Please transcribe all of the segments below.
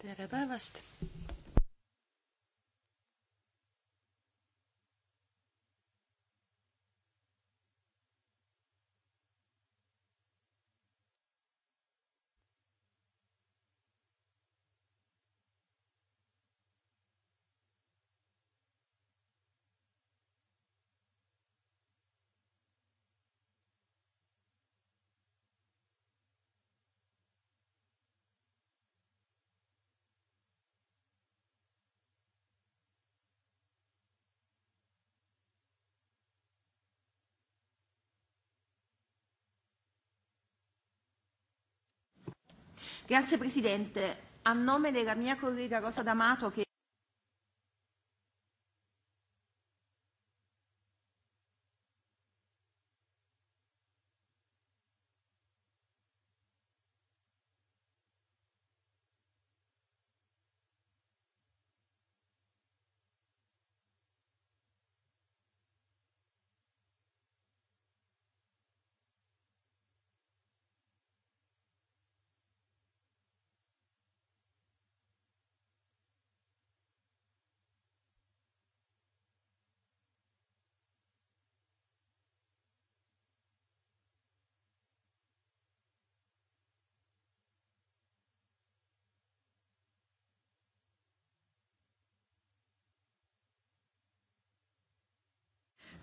tere päevast! Grazie Presidente. A nome della mia collega Rosa D'Amato che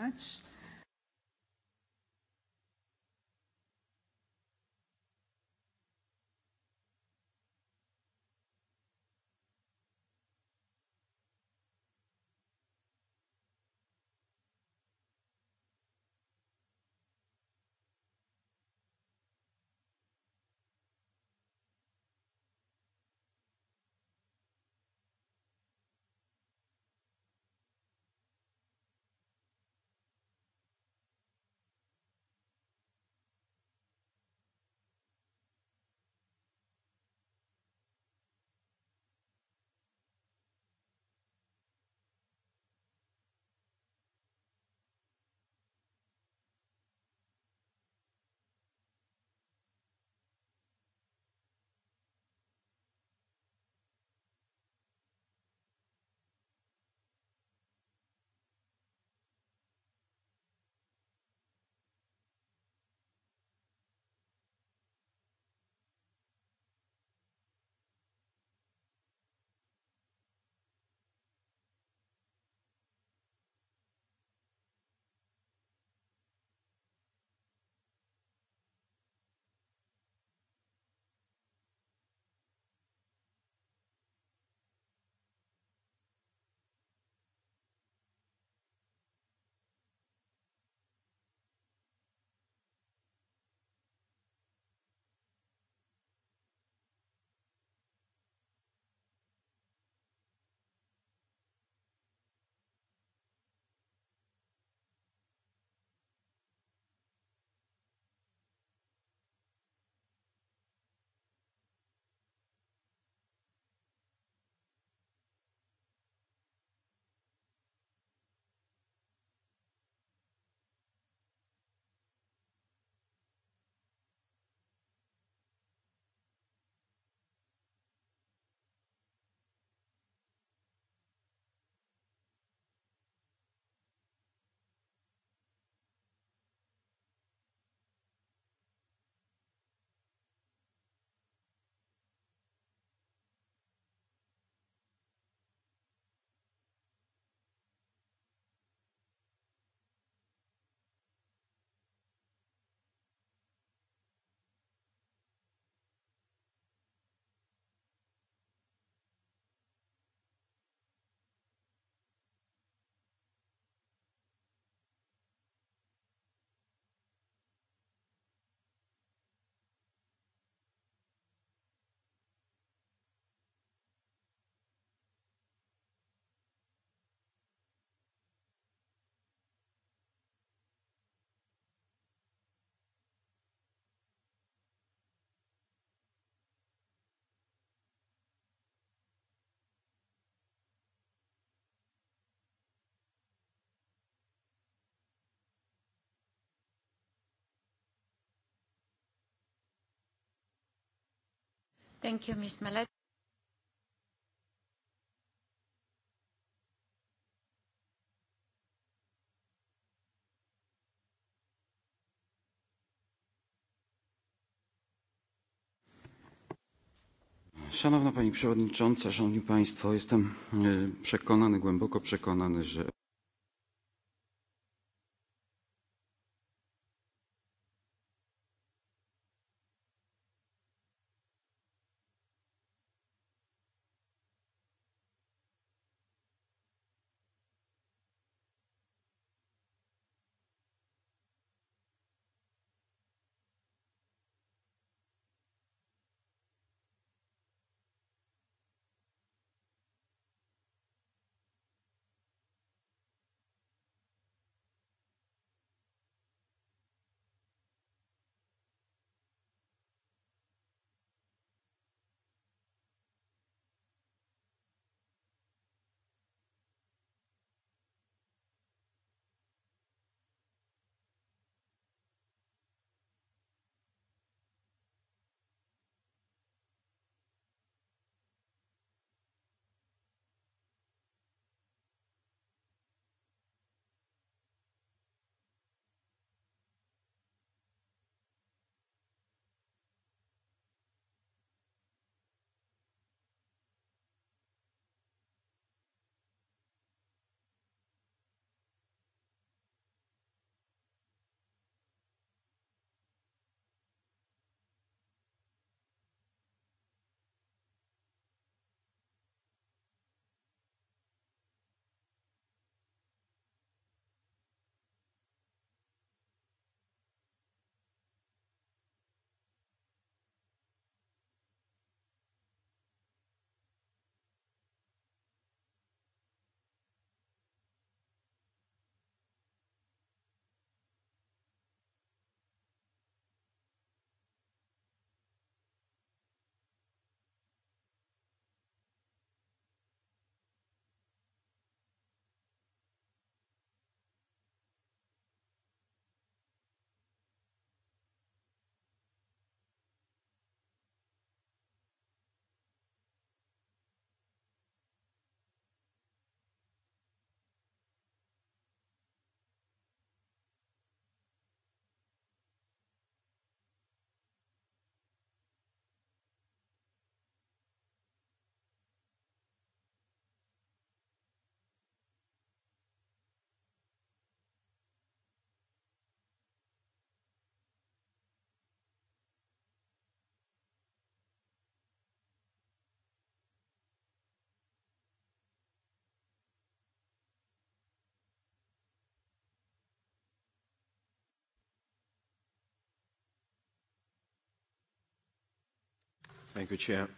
much. Thank you, Ms. Melet. Szanowna Pani Przewodnicząca, Szanowni Państwo, jestem e, przekonany, głęboko przekonany, że Thank you, Chair.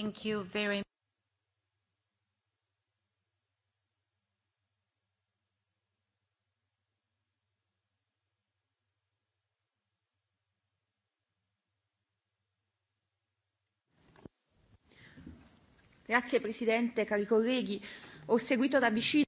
Thank you very Grazie Presidente, cari colleghi. Ho seguito da vicino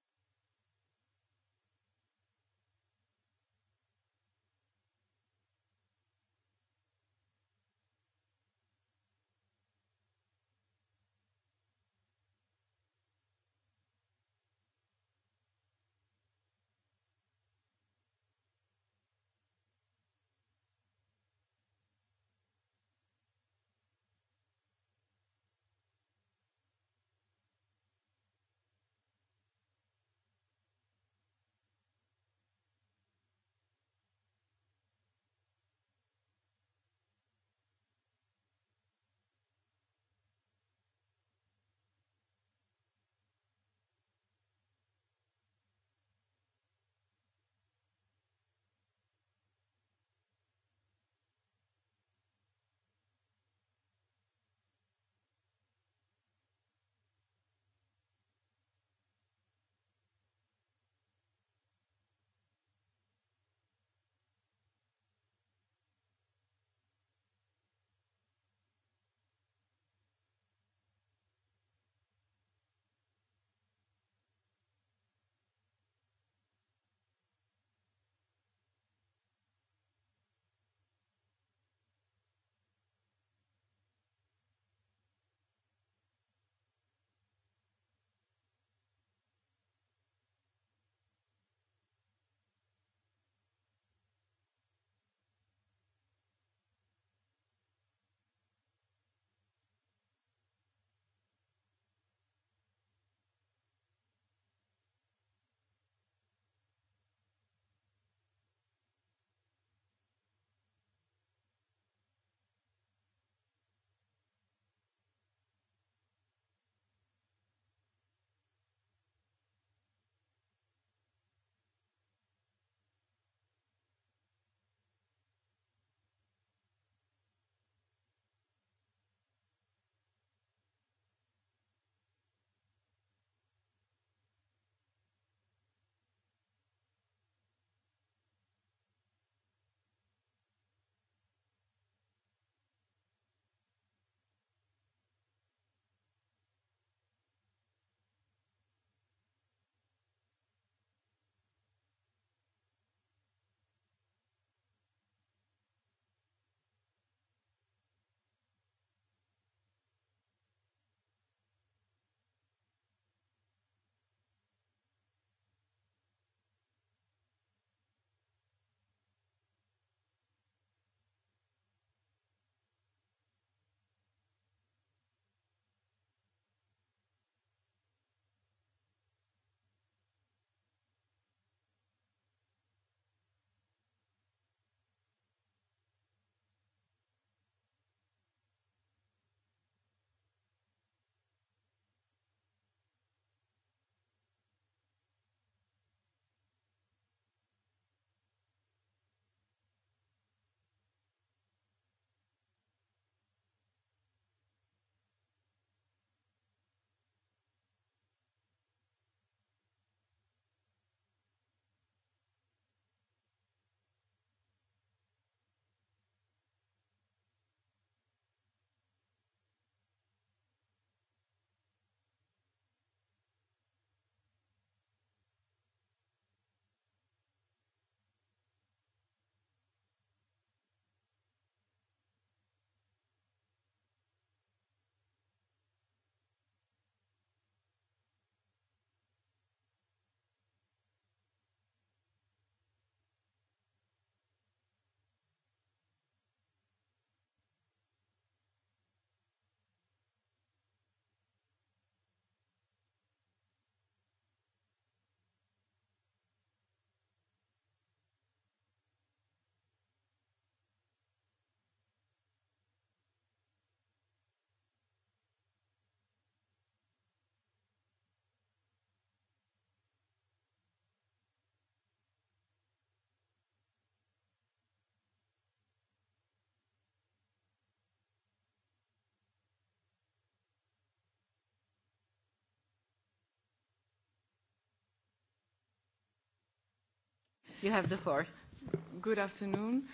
You have the floor. Good afternoon.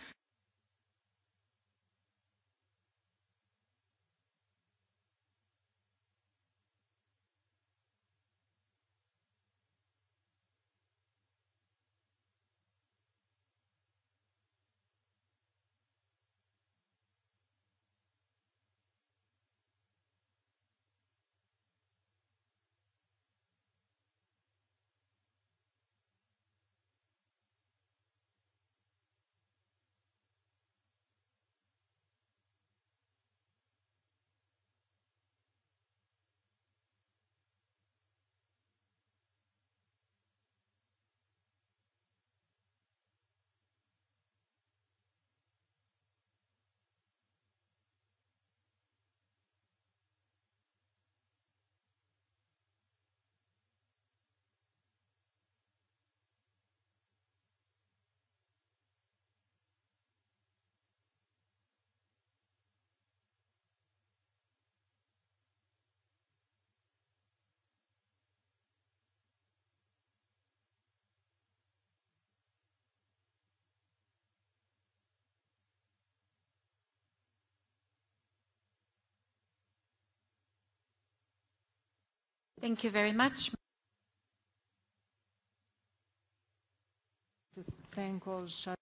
Thank you very much. Thank also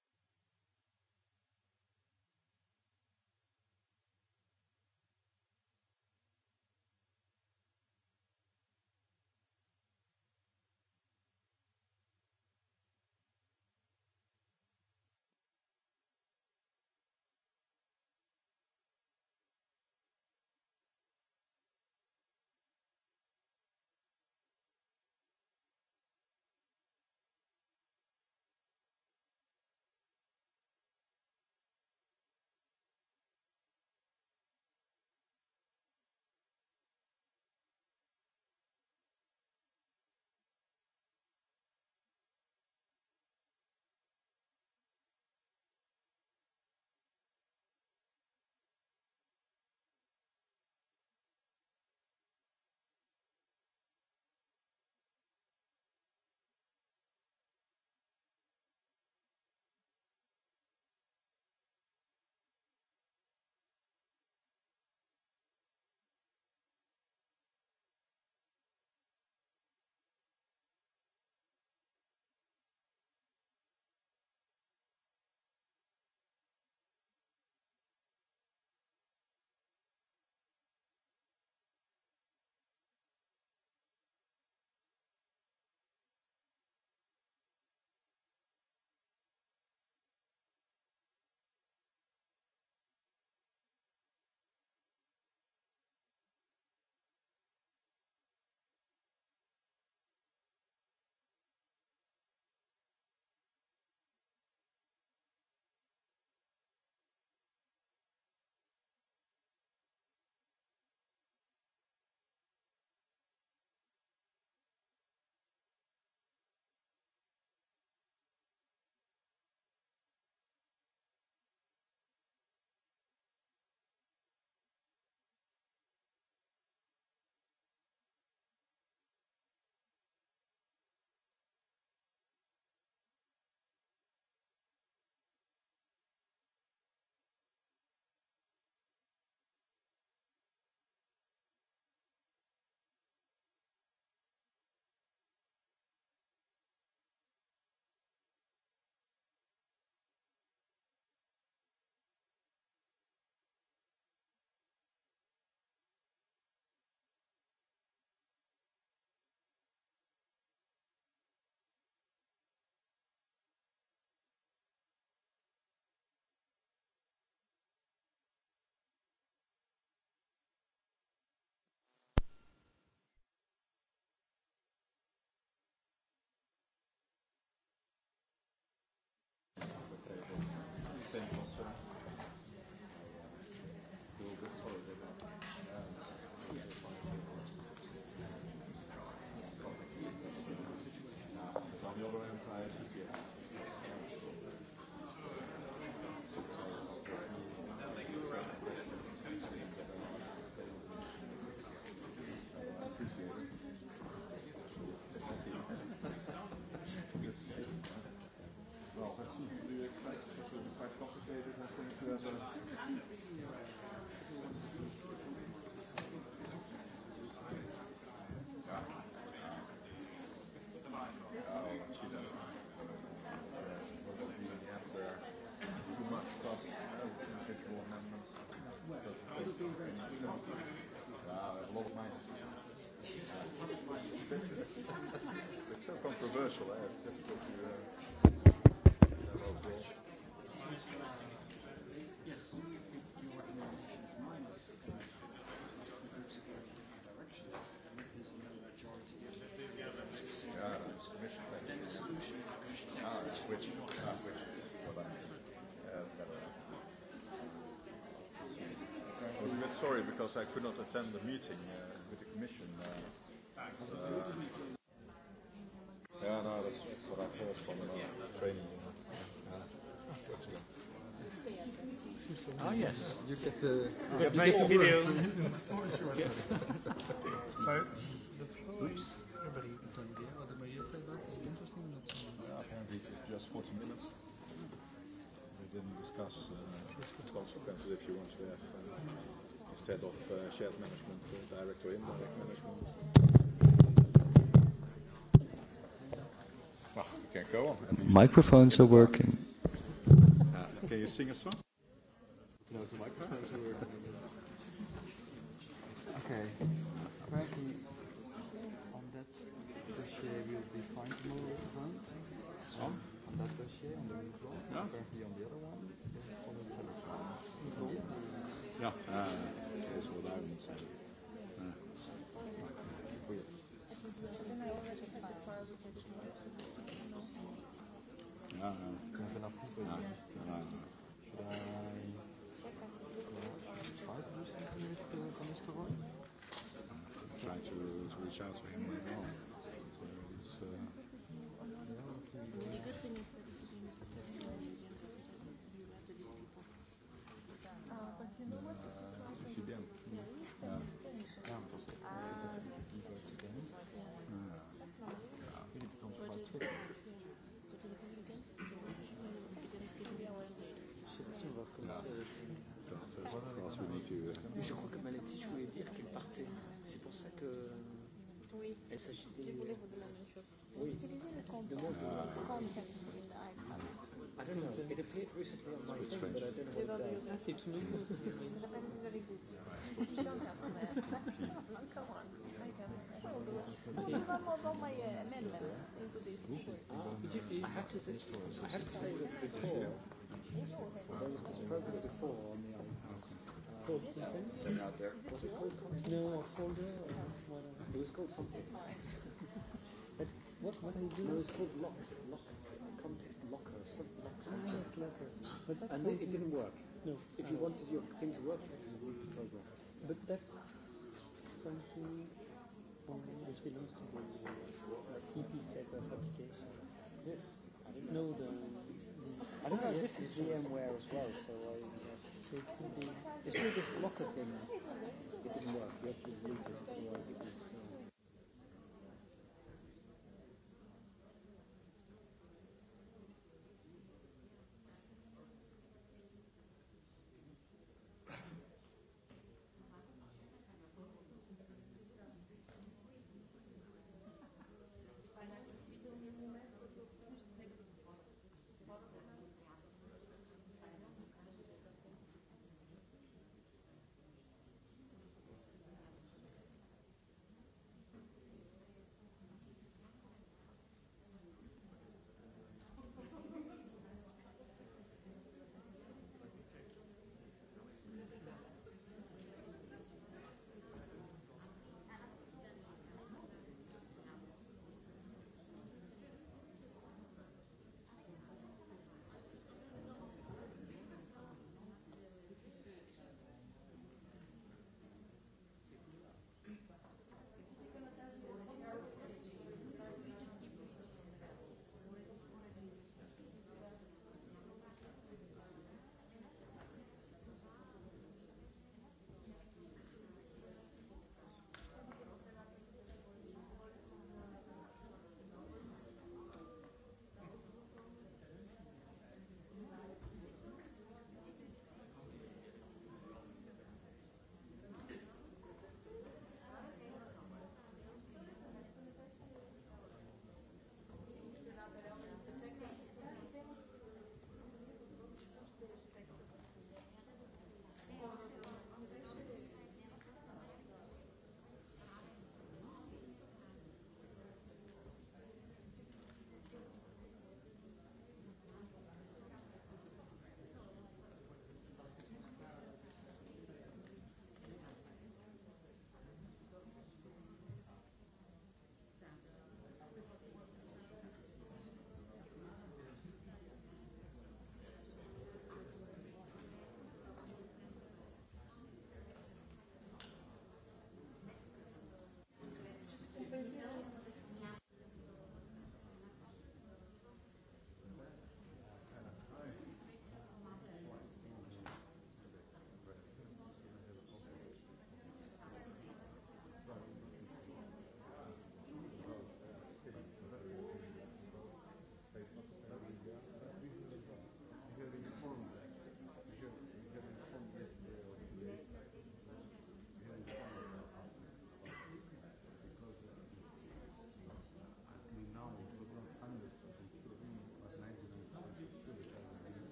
It's so controversial, eh? It's difficult to. Uh, sorry because I could not attend the meeting uh, with the Commission. Uh, Thanks. Uh, yeah, no, that's what I heard from the uh, training. Yeah. Ah, yes. You get the. Uh, you make the video. yes. so, the floor Oops. is everybody is on there. What about you say that? Interesting. Yeah, apparently, just 40 minutes didn't discuss uh, consequences if you want to have uh, instead of uh, shared management, direct or indirect management. Well, ah, we can go on. Microphones are working. Uh, can you sing a song? No, the microphones are working. Okay. Apparently, on that dossier, we'll be fine tomorrow at the front. On? On that dossier, on the main floor. Yeah. Apparently, on the other one, on the cellar slide. Yeah. Uh, ei suuda üldse. Ja, ja. Kann ich dann auf Google? Ja, nein. Should I... Try to do something with uh, Conistorol? Try to, to reach out to him. Oui, Et ça, je voulais vous demander une chose. Vous oui. utilisez le Chromecast, uh, Chromecast in the iPad I don't know. It appeared recently on my thing, but I don't know what it does. Ah, c'est tout nouveau. Je vous appelle déjà avec vous. Come on. I can. Well, one more of my uh, amendments into this. Ah, I have to say, I have to say that before, there was this program before on the iPad. Called something? Was it called Chromecast? No, Holder called something. but what what are you doing? No, it's called lock lock contact locker something like something. Ah, oh, yes, locker. But that's and something. it didn't work. No. If you uh, wanted your thing to work, you had to program. But that's something which belongs to the uh, EP e set of applications. Yes. I don't know. No, the, the I don't know. Yes, this is VMware as well, so I guess so it could be. It's really this locker thing. It didn't work. You have to use it otherwise it was. Uh,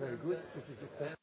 very good. It is excellent.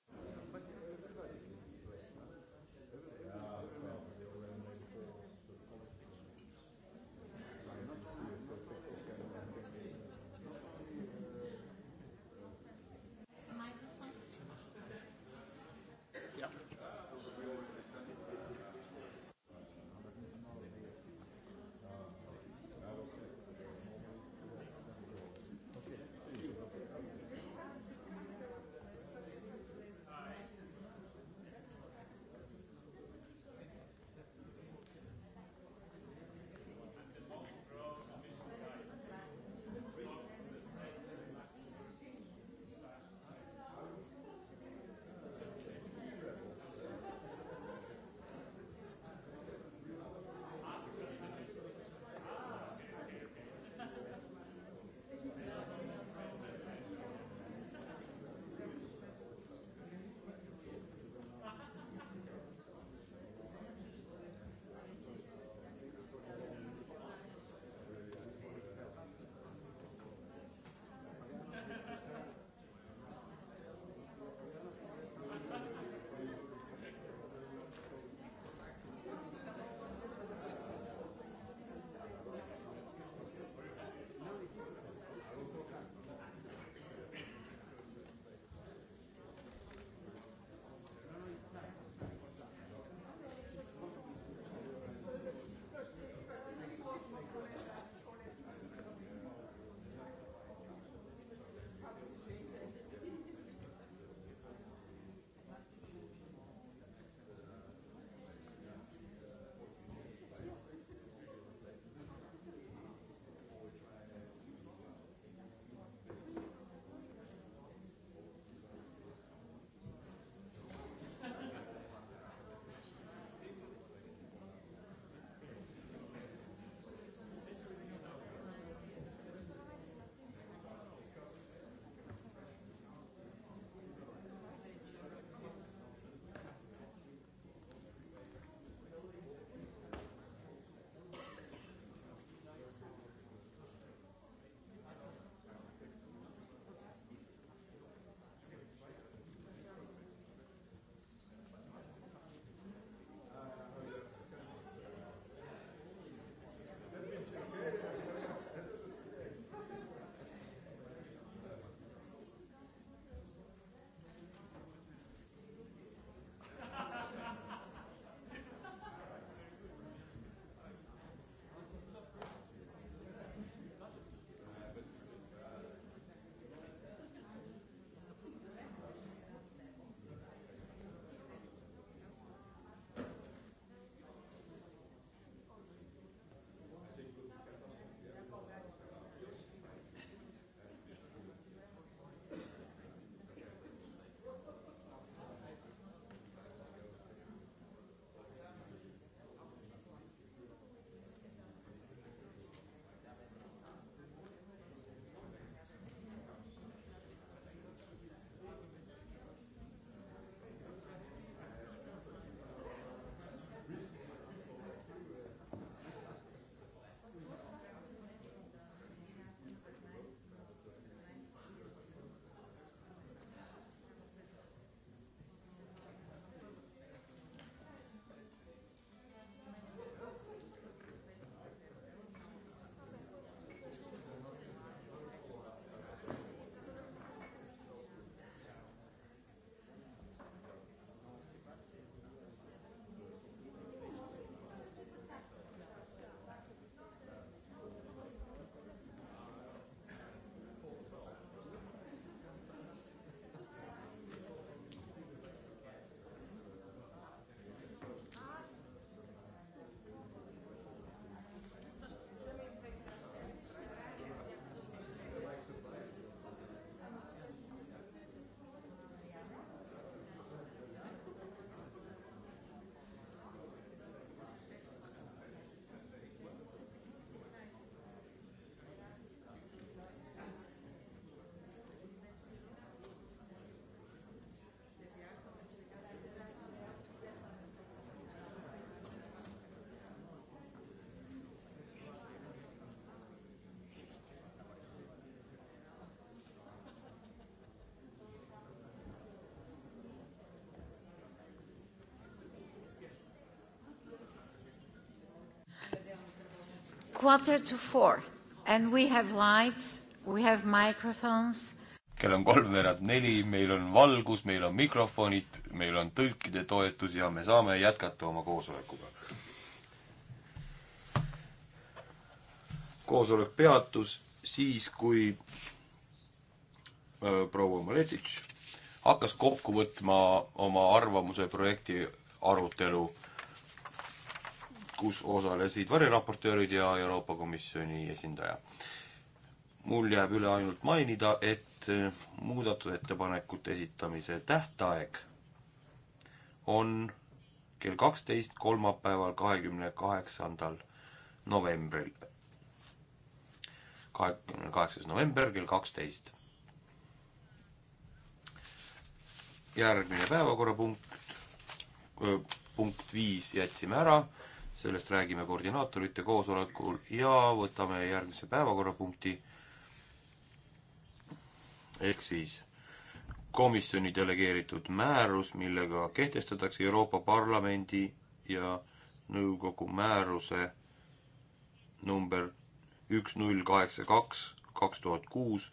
quarter to four and we have lights, we have microphones. kell on kolmveerand neli, meil on valgus, meil on mikrofonid, meil on tõlkide toetus ja me saame jätkata oma koosolekuga. koosolek peatus siis, kui äh, proua Maletitš hakkas kokku võtma oma arvamuse projekti arutelu kus osalesid variraportöörid ja Euroopa Komisjoni esindaja. mul jääb üle ainult mainida, et eh, muudatusettepanekute esitamise tähtaeg on kell kaksteist kolmapäeval, kahekümne kaheksandal novembril. kahekümne kaheksas november kell kaksteist. järgmine päevakorrapunkt, punkt viis jätsime ära sellest räägime koordinaatorite koosolekul ja võtame järgmise päevakorrapunkti, ehk siis komisjoni delegeeritud määrus, millega kehtestatakse Euroopa Parlamendi ja nõukogu määruse number üks null kaheksa kaks kaks tuhat kuus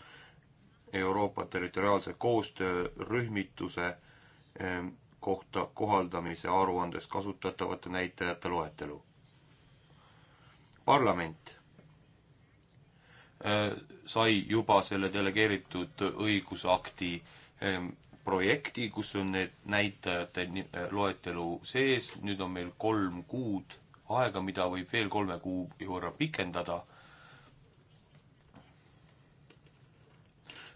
Euroopa territoriaalse koostöörühmituse ehm, kohta kohaldamise aruandes kasutatavate näitajate loetelu. parlament äh, sai juba selle delegeeritud õigusakti ähm, projekti, kus on need näitajate äh, loetelu sees, nüüd on meil kolm kuud aega, mida võib veel kolme kuu võrra pikendada,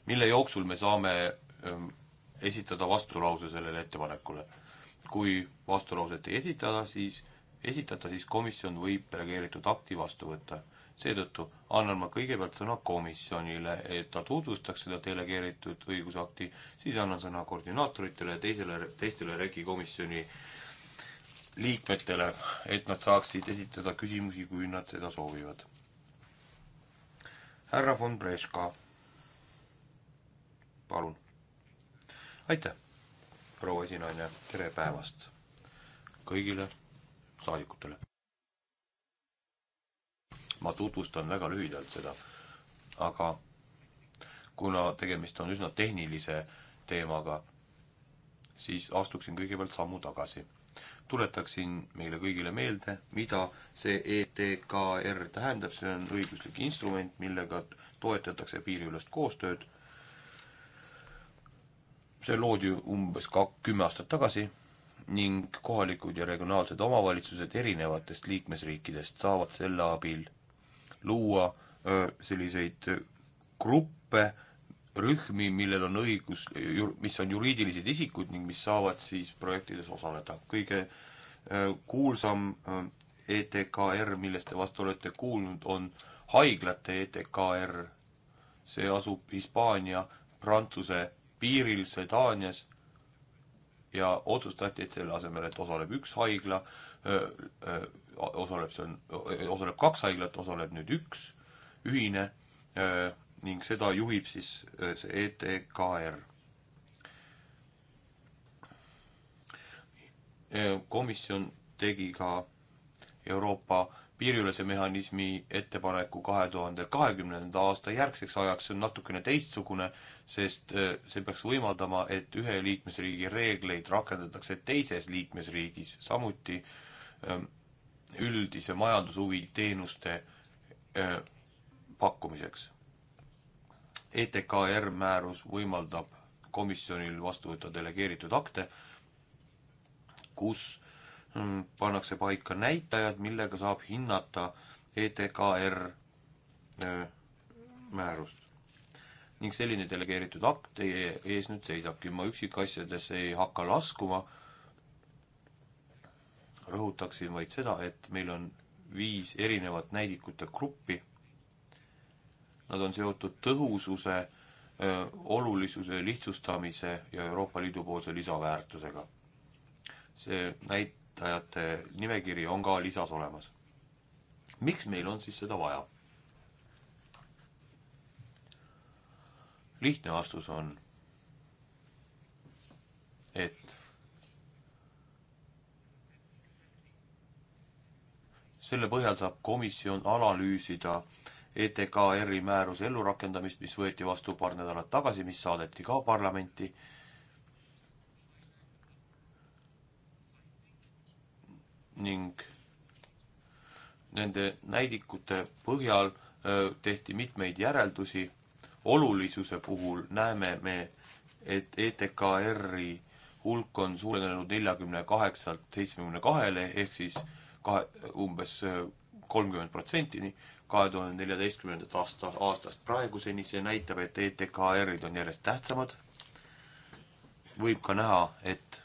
mille jooksul me saame ähm, esitada vastulause sellele ettepanekule. kui vastulauset ei esitada, siis, esitata, siis komisjon võib delegeeritud akti vastu võtta. seetõttu annan ma kõigepealt sõna komisjonile, et ta tutvustaks seda delegeeritud õigusakti, siis annan sõna koordinaatoritele ja teisele, teistele regi komisjoni liikmetele, et nad saaksid esitada küsimusi, kui nad seda soovivad. härra von Brežka, palun aitäh, proua esinaine, tere päevast kõigile saadikutele. ma tutvustan väga lühidalt seda, aga kuna tegemist on üsna tehnilise teemaga, siis astuksin kõigepealt sammu tagasi. tuletaksin meile kõigile meelde, mida see ETKR tähendab, see on õiguslik instrument, millega toetatakse piiriülest koostööd see loodi umbes ka kümme aastat tagasi ning kohalikud ja regionaalsed omavalitsused erinevatest liikmesriikidest saavad selle abil luua öö, selliseid gruppe, rühmi, millel on õigus, mis on juriidilised isikud ning mis saavad siis projektides osaleda. kõige öö, kuulsam öö, ETKR, millest te vast olete kuulnud, on haiglate ETKR. see asub Hispaania, Prantsuse piiril Sedaanias ja otsustati, et selle asemel, et osaleb üks haigla, osaleb seal, osaleb kaks haiglat, osaleb nüüd üks ühine öö, ning seda juhib siis öö, see ETKR. komisjon tegi ka Euroopa piiriülese mehhanismi ettepaneku kahe tuhande kahekümnenda aasta järgseks ajaks, see on natukene teistsugune, sest äh, see peaks võimaldama, et ühe liikmesriigi reegleid rakendatakse teises liikmesriigis, samuti ähm, üldise majandushuvi teenuste äh, pakkumiseks. ETKR määrus võimaldab komisjonil vastu võtta delegeeritud akte, kus Mm, pannakse paika näitajad, millega saab hinnata ETKR äh, määrust. ning selline delegeeritud akt teie ees nüüd seisabki, ma üksikasjadesse ei hakka laskuma, rõhutaksin vaid seda, et meil on viis erinevat näidikute gruppi, nad on seotud tõhususe, äh, olulisuse, lihtsustamise ja Euroopa Liidu poolse lisaväärtusega. see näit-, esitajate nimekiri on ka lisas olemas. miks meil on siis seda vaja? lihtne vastus on, et selle põhjal saab komisjon analüüsida ETKR-i määruse ellurakendamist, mis võeti vastu paar nädalat tagasi, mis saadeti ka parlamenti ning nende näidikute põhjal tehti mitmeid järeldusi. olulisuse puhul näeme me, et ETKR-i hulk on suurenenud neljakümne kaheksalt seitsmekümne kahele ehk siis kahe, umbes kolmkümmend protsentini kahe tuhande neljateistkümnendat aasta, aastast praeguseni. see näitab, et ETKR-id on järjest tähtsamad. võib ka näha, et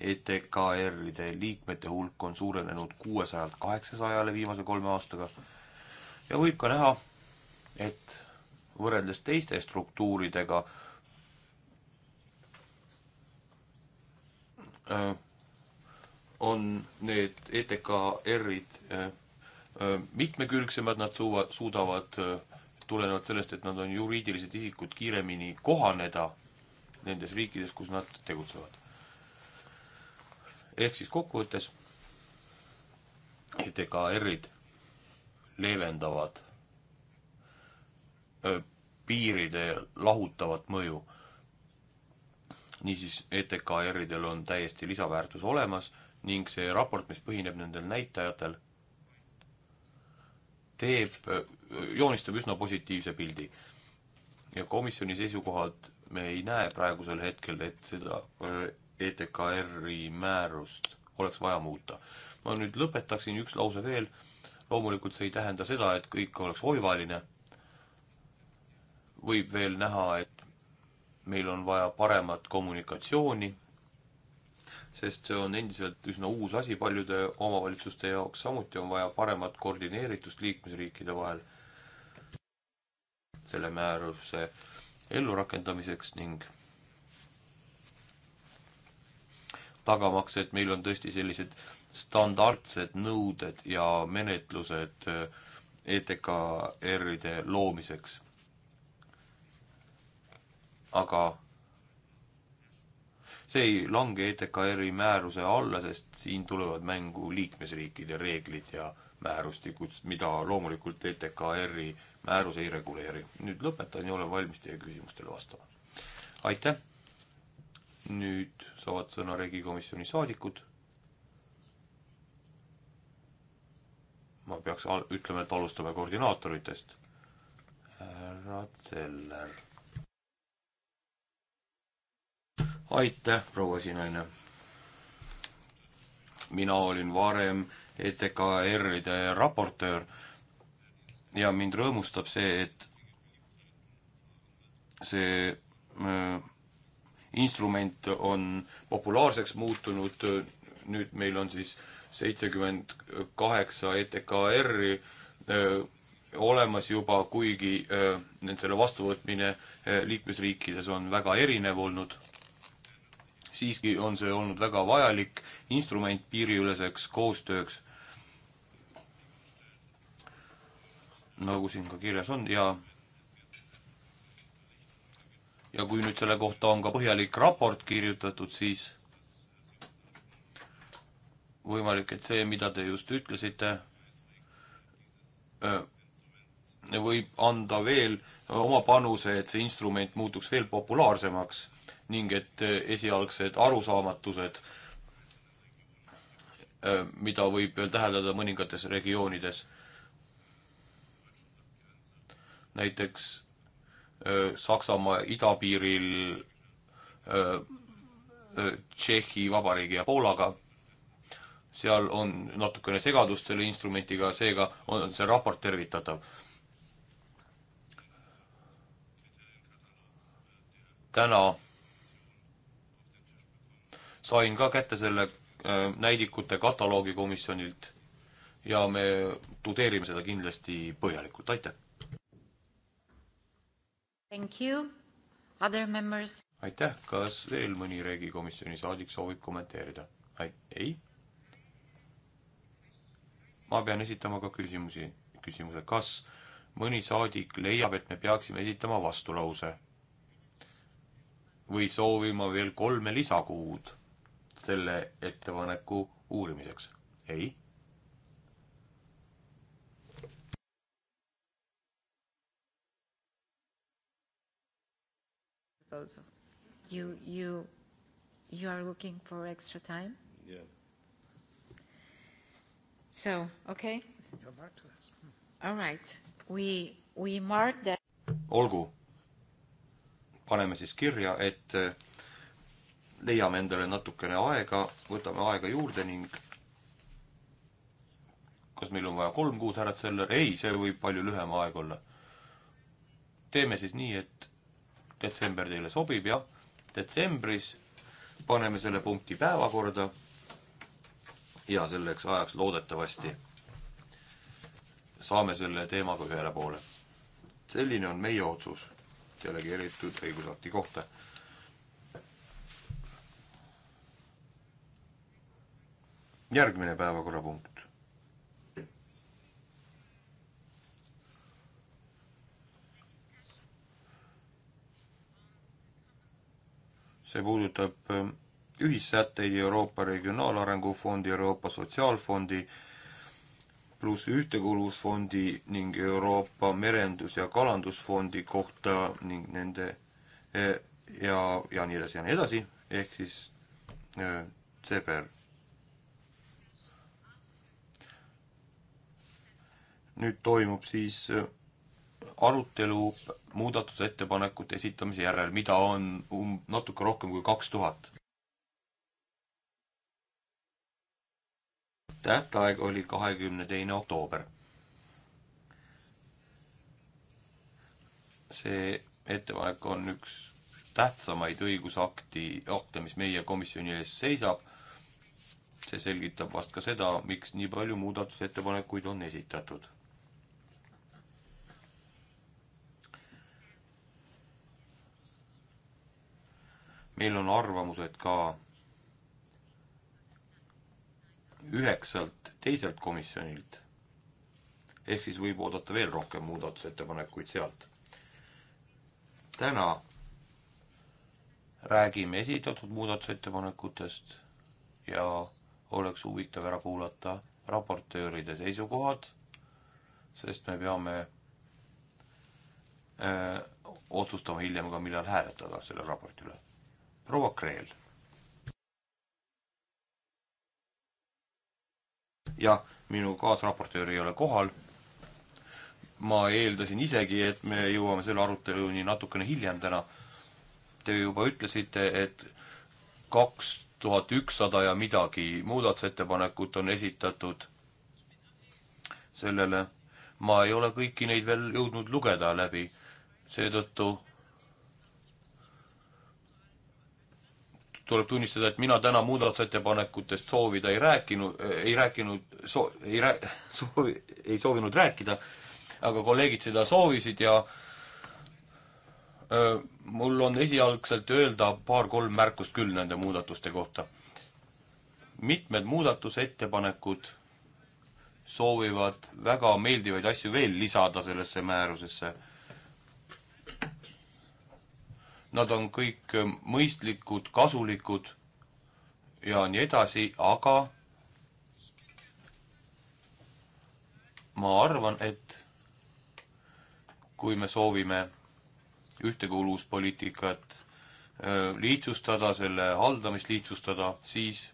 ETKR-ide liikmete hulk on suurenenud kuuesajalt kaheksasajale viimase kolme aastaga ja võib ka näha, et võrreldes teiste struktuuridega äh, on need ETKR-id äh, äh, mitmekülgsemad, nad suuva-, suudavad tulenevalt sellest, et nad on juriidilised isikud, kiiremini kohaneda nendes riikides, kus nad tegutsevad ehk siis kokkuvõttes, et EKR-id leevendavad piiride lahutavat mõju. niisiis, ETKR-idel on täiesti lisaväärtus olemas ning see raport, mis põhineb nendel näitajatel, teeb, joonistab üsna positiivse pildi. ja komisjoni seisukohalt me ei näe praegusel hetkel, et seda ETKR-i määrust oleks vaja muuta. ma nüüd lõpetaksin üks lause veel, loomulikult see ei tähenda seda, et kõik oleks oivaline, võib veel näha, et meil on vaja paremat kommunikatsiooni, sest see on endiselt üsna uus asi paljude omavalitsuste jaoks, samuti on vaja paremat koordineeritust liikmesriikide vahel selle määruse ellurakendamiseks ning tagamaks, et meil on tõesti sellised standardsed nõuded ja menetlused äh, ETKR-ide loomiseks. aga see ei lange ETKR-i määruse alla, sest siin tulevad mängu liikmesriikide reeglid ja määrustikud, mida loomulikult ETKR-i määrus ei reguleeri. nüüd lõpetan ja olen valmis teie küsimustele vastama. aitäh! nüüd saavad sõna Riigikomisjoni saadikud. ma peaks ütlema, et alustame koordinaatoritest. härra Zeller. aitäh, proua esinaine. mina olin varem ETKR-ide raportöör ja mind rõõmustab see, et see öö, äh, instrument on populaarseks muutunud, nüüd meil on siis seitsekümmend kaheksa ETKR-i eh, olemas juba, kuigi eh, nüüd selle vastuvõtmine eh, liikmesriikides on väga erinev olnud. siiski on see olnud väga vajalik instrument piiriüleseks koostööks. nagu siin ka kirjas on ja ja kui nüüd selle kohta on ka põhjalik raport kirjutatud, siis võimalik, et see, mida te just ütlesite, võib anda veel oma panuse, et see instrument muutuks veel populaarsemaks ning et esialgsed arusaamatused, mida võib veel täheldada mõningates regioonides, näiteks Äh, Saksamaa idapiiril äh, äh, Tšehhi Vabariigi ja Poolaga. seal on natukene segadust selle instrumentiga, seega on see raport tervitatav. täna sain ka kätte selle näidikute kataloogi komisjonilt ja me tudeerime seda kindlasti põhjalikult, aitäh! Thank you. Other members? aitäh, kas veel mõni riigikomisjoni saadik soovib kommenteerida? ei? ma pean esitama ka küsimusi, küsimuse, kas mõni saadik leiab, et me peaksime esitama vastulause? või soovima veel kolme lisakuud selle ettepaneku uurimiseks? ei proposal. You, you, you are looking for extra time? Yeah. So, okay? Come back to this. Hmm. All right. We, we mark that. olgu, paneme siis kirja, et äh, leiame endale natukene aega, võtame aega juurde ning kas meil on vaja kolm kuud, härra Zeller? ei, see võib palju lühem aeg olla. teeme siis nii, et detsember teile sobib, jah. detsembris paneme selle punkti päevakorda. ja selleks ajaks loodetavasti saame selle teemaga ühele poole. selline on meie otsus delegeeritud õigusakti kohta. järgmine päevakorrapunkt. see puudutab äh, ühissätteid Euroopa Regionaalarengu Fondi, Euroopa Sotsiaalfondi, pluss Ühtekuuluvusfondi ning Euroopa Merendus- ja Kalandusfondi kohta ning nende äh, ja, ja nii edasi ja nii edasi, ehk siis äh, CBR. nüüd toimub siis arutelu muudatusettepanekute esitamise järel, mida on um-, natuke rohkem kui kaks tuhat. tähtaeg oli kahekümne teine oktoober. see ettepanek on üks tähtsamaid õigusakti, akte, mis meie komisjoni ees seisab. see selgitab vast ka seda, miks nii palju muudatusettepanekuid on esitatud meil on arvamused ka üheksalt teiselt komisjonilt, ehk siis võib oodata veel rohkem muudatusettepanekuid sealt. täna räägime esitatud muudatusettepanekutest ja oleks huvitav ära kuulata raportööride seisukohad, sest me peame öö, äh, otsustama hiljem ka, millal hääletada selle raporti üle proua Kreel. jah, minu kaasraportöör ei ole kohal. ma eeldasin isegi, et me jõuame selle aruteluni natukene hiljem täna. Te juba ütlesite, et kaks tuhat ükssada ja midagi muudatusettepanekut on esitatud sellele. ma ei ole kõiki neid veel jõudnud lugeda läbi, seetõttu tuleb tunnistada, et mina täna muudatusettepanekutest soovida ei rääkinud, ei rääkinud, soo-, ei rää-, soovi, ei soovinud rääkida, aga kolleegid seda soovisid ja öö, mul on esialgselt öelda paar-kolm märkust küll nende muudatuste kohta. mitmed muudatusettepanekud soovivad väga meeldivaid asju veel lisada sellesse määrusesse nad on kõik äh, mõistlikud, kasulikud ja nii edasi, aga ma arvan, et kui me soovime ühtekuuluvuspoliitikat äh, lihtsustada, selle haldamist lihtsustada, siis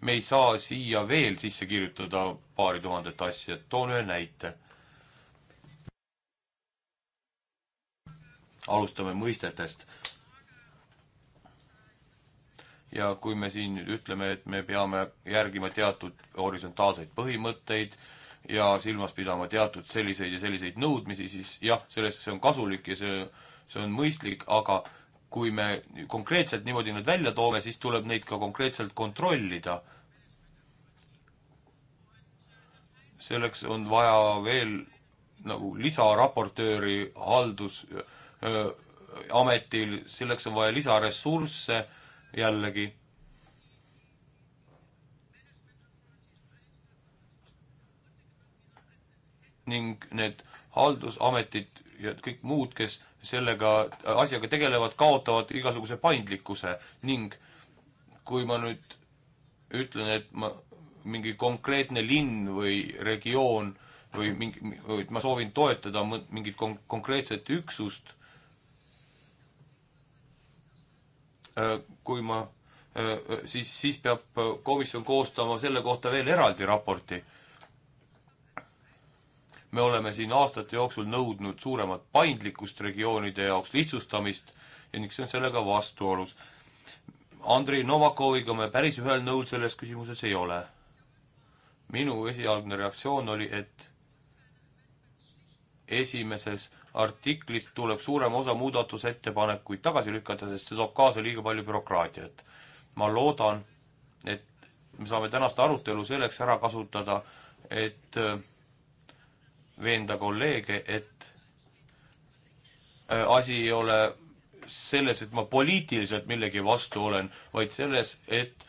me ei saa siia veel sisse kirjutada paari tuhandet asja, toon ühe näite alustame mõistetest. ja kui me siin nüüd ütleme, et me peame järgima teatud horisontaalseid põhimõtteid ja silmas pidama teatud selliseid ja selliseid nõudmisi, siis jah, sellest see on kasulik ja see, see on mõistlik, aga kui me konkreetselt niimoodi need välja toome, siis tuleb neid ka konkreetselt kontrollida. selleks on vaja veel nagu lisaraportööri haldus äh, ametil, selleks on vaja lisaressursse jällegi. ning need haldusametid ja kõik muud, kes sellega, asjaga tegelevad, kaotavad igasuguse paindlikkuse ning kui ma nüüd ütlen, et ma, mingi konkreetne linn või regioon või mingi, või ma soovin toetada mingit kon-, konkreetset üksust, Äh, kui ma, äh, siis, siis peab äh, komisjon koostama selle kohta veel eraldi raporti. me oleme siin aastate jooksul nõudnud suuremat paindlikkust regioonide jaoks, lihtsustamist ja ning see on sellega vastuolus. Andrei Novakoviga me päris ühel nõul selles küsimuses ei ole. minu esialgne reaktsioon oli, et esimeses artiklist tuleb suurem osa muudatusettepanekuid tagasi lükata, sest see toob kaasa liiga palju bürokraatiat. ma loodan, et me saame tänast arutelu selleks ära kasutada, et äh, veenda kolleege, et äh, asi ei ole selles, et ma poliitiliselt millegi vastu olen, vaid selles, et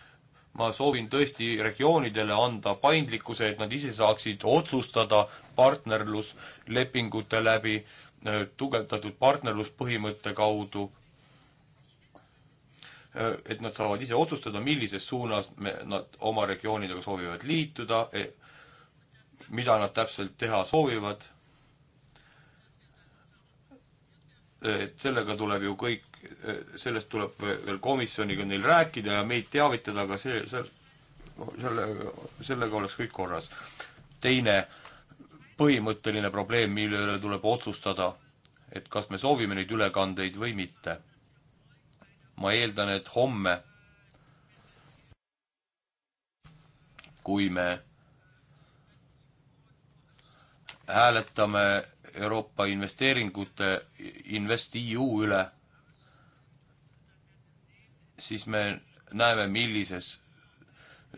ma soovin tõesti regioonidele anda paindlikkuse, et nad ise saaksid otsustada partnerluslepingute läbi äh, Äh, tugevdatud partnerluspõhimõtte kaudu, äh, et nad saavad ise otsustada, millises suunas me, nad oma regioonidega soovivad liituda, e, mida nad täpselt teha soovivad. Äh, et sellega tuleb ju kõik, sellest tuleb veel komisjoniga neil rääkida ja meid teavitada, aga see, see, selle, sellega oleks kõik korras. teine äh, põhimõtteline probleem, mille üle tuleb otsustada, et kas me soovime neid ülekandeid või mitte. ma eeldan, et homme, kui me hääletame Euroopa investeeringute InvestEU üle, siis me näeme, millises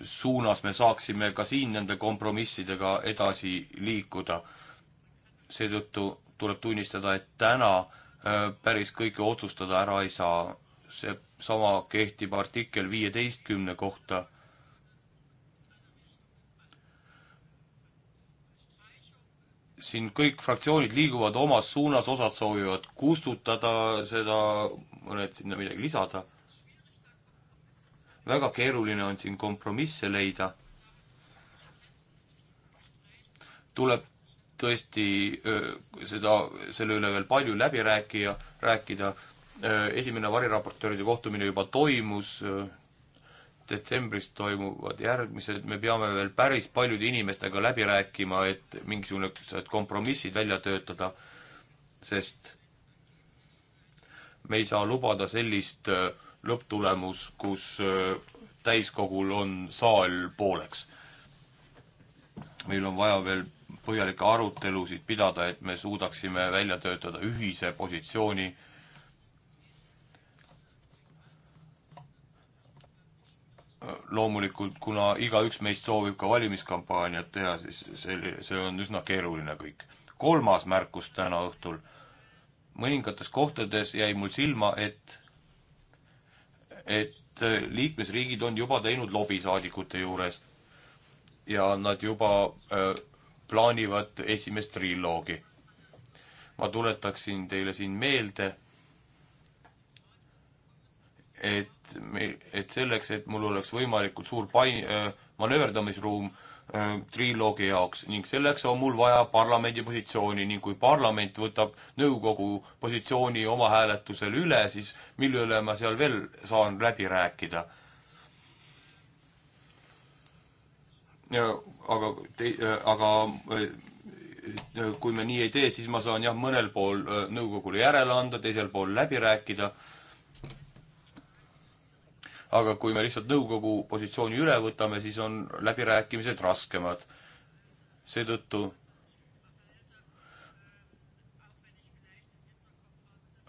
suunas me saaksime ka siin nende kompromissidega edasi liikuda. seetõttu tuleb tunnistada, et täna äh, päris kõike otsustada ära ei saa. seesama kehtib artikkel viieteistkümne kohta. siin kõik fraktsioonid liiguvad omas suunas, osad soovivad kustutada seda, mõned sinna midagi lisada väga keeruline on siin kompromisse leida. tuleb tõesti öö, seda, selle üle veel palju läbi rääkida, rääkida. esimene variraportööride kohtumine juba toimus, detsembris toimuvad järgmised, me peame veel päris paljude inimestega läbi rääkima, et mingisugused kompromissid välja töötada, sest me ei saa lubada sellist öö, lõpptulemus, kus äh, täiskogul on saal pooleks. meil on vaja veel põhjalikke arutelusid pidada, et me suudaksime välja töötada ühise positsiooni loomulikult, kuna igaüks meist soovib ka valimiskampaaniat teha, siis see, see on üsna keeruline kõik. kolmas märkus täna õhtul. mõningates kohtades jäi mul silma, et et äh, liikmesriigid on juba teinud lobi saadikute juures ja nad juba äh, plaanivad esimest triloogi. ma tuletaksin teile siin meelde, et meil, et selleks, et mul oleks võimalikult suur pai- äh,, manööverdamisruum äh,, Äh, triloogi jaoks ning selleks on mul vaja parlamendi positsiooni ning kui parlament võtab nõukogu positsiooni oma hääletusel üle, siis mille üle ma seal veel saan läbi rääkida? aga te-, äh, aga äh, kui me nii ei tee, siis ma saan jah, mõnel pool nõukogule järele anda, teisel pool läbi rääkida aga kui me lihtsalt nõukogu positsiooni üle võtame, siis on läbirääkimised raskemad. seetõttu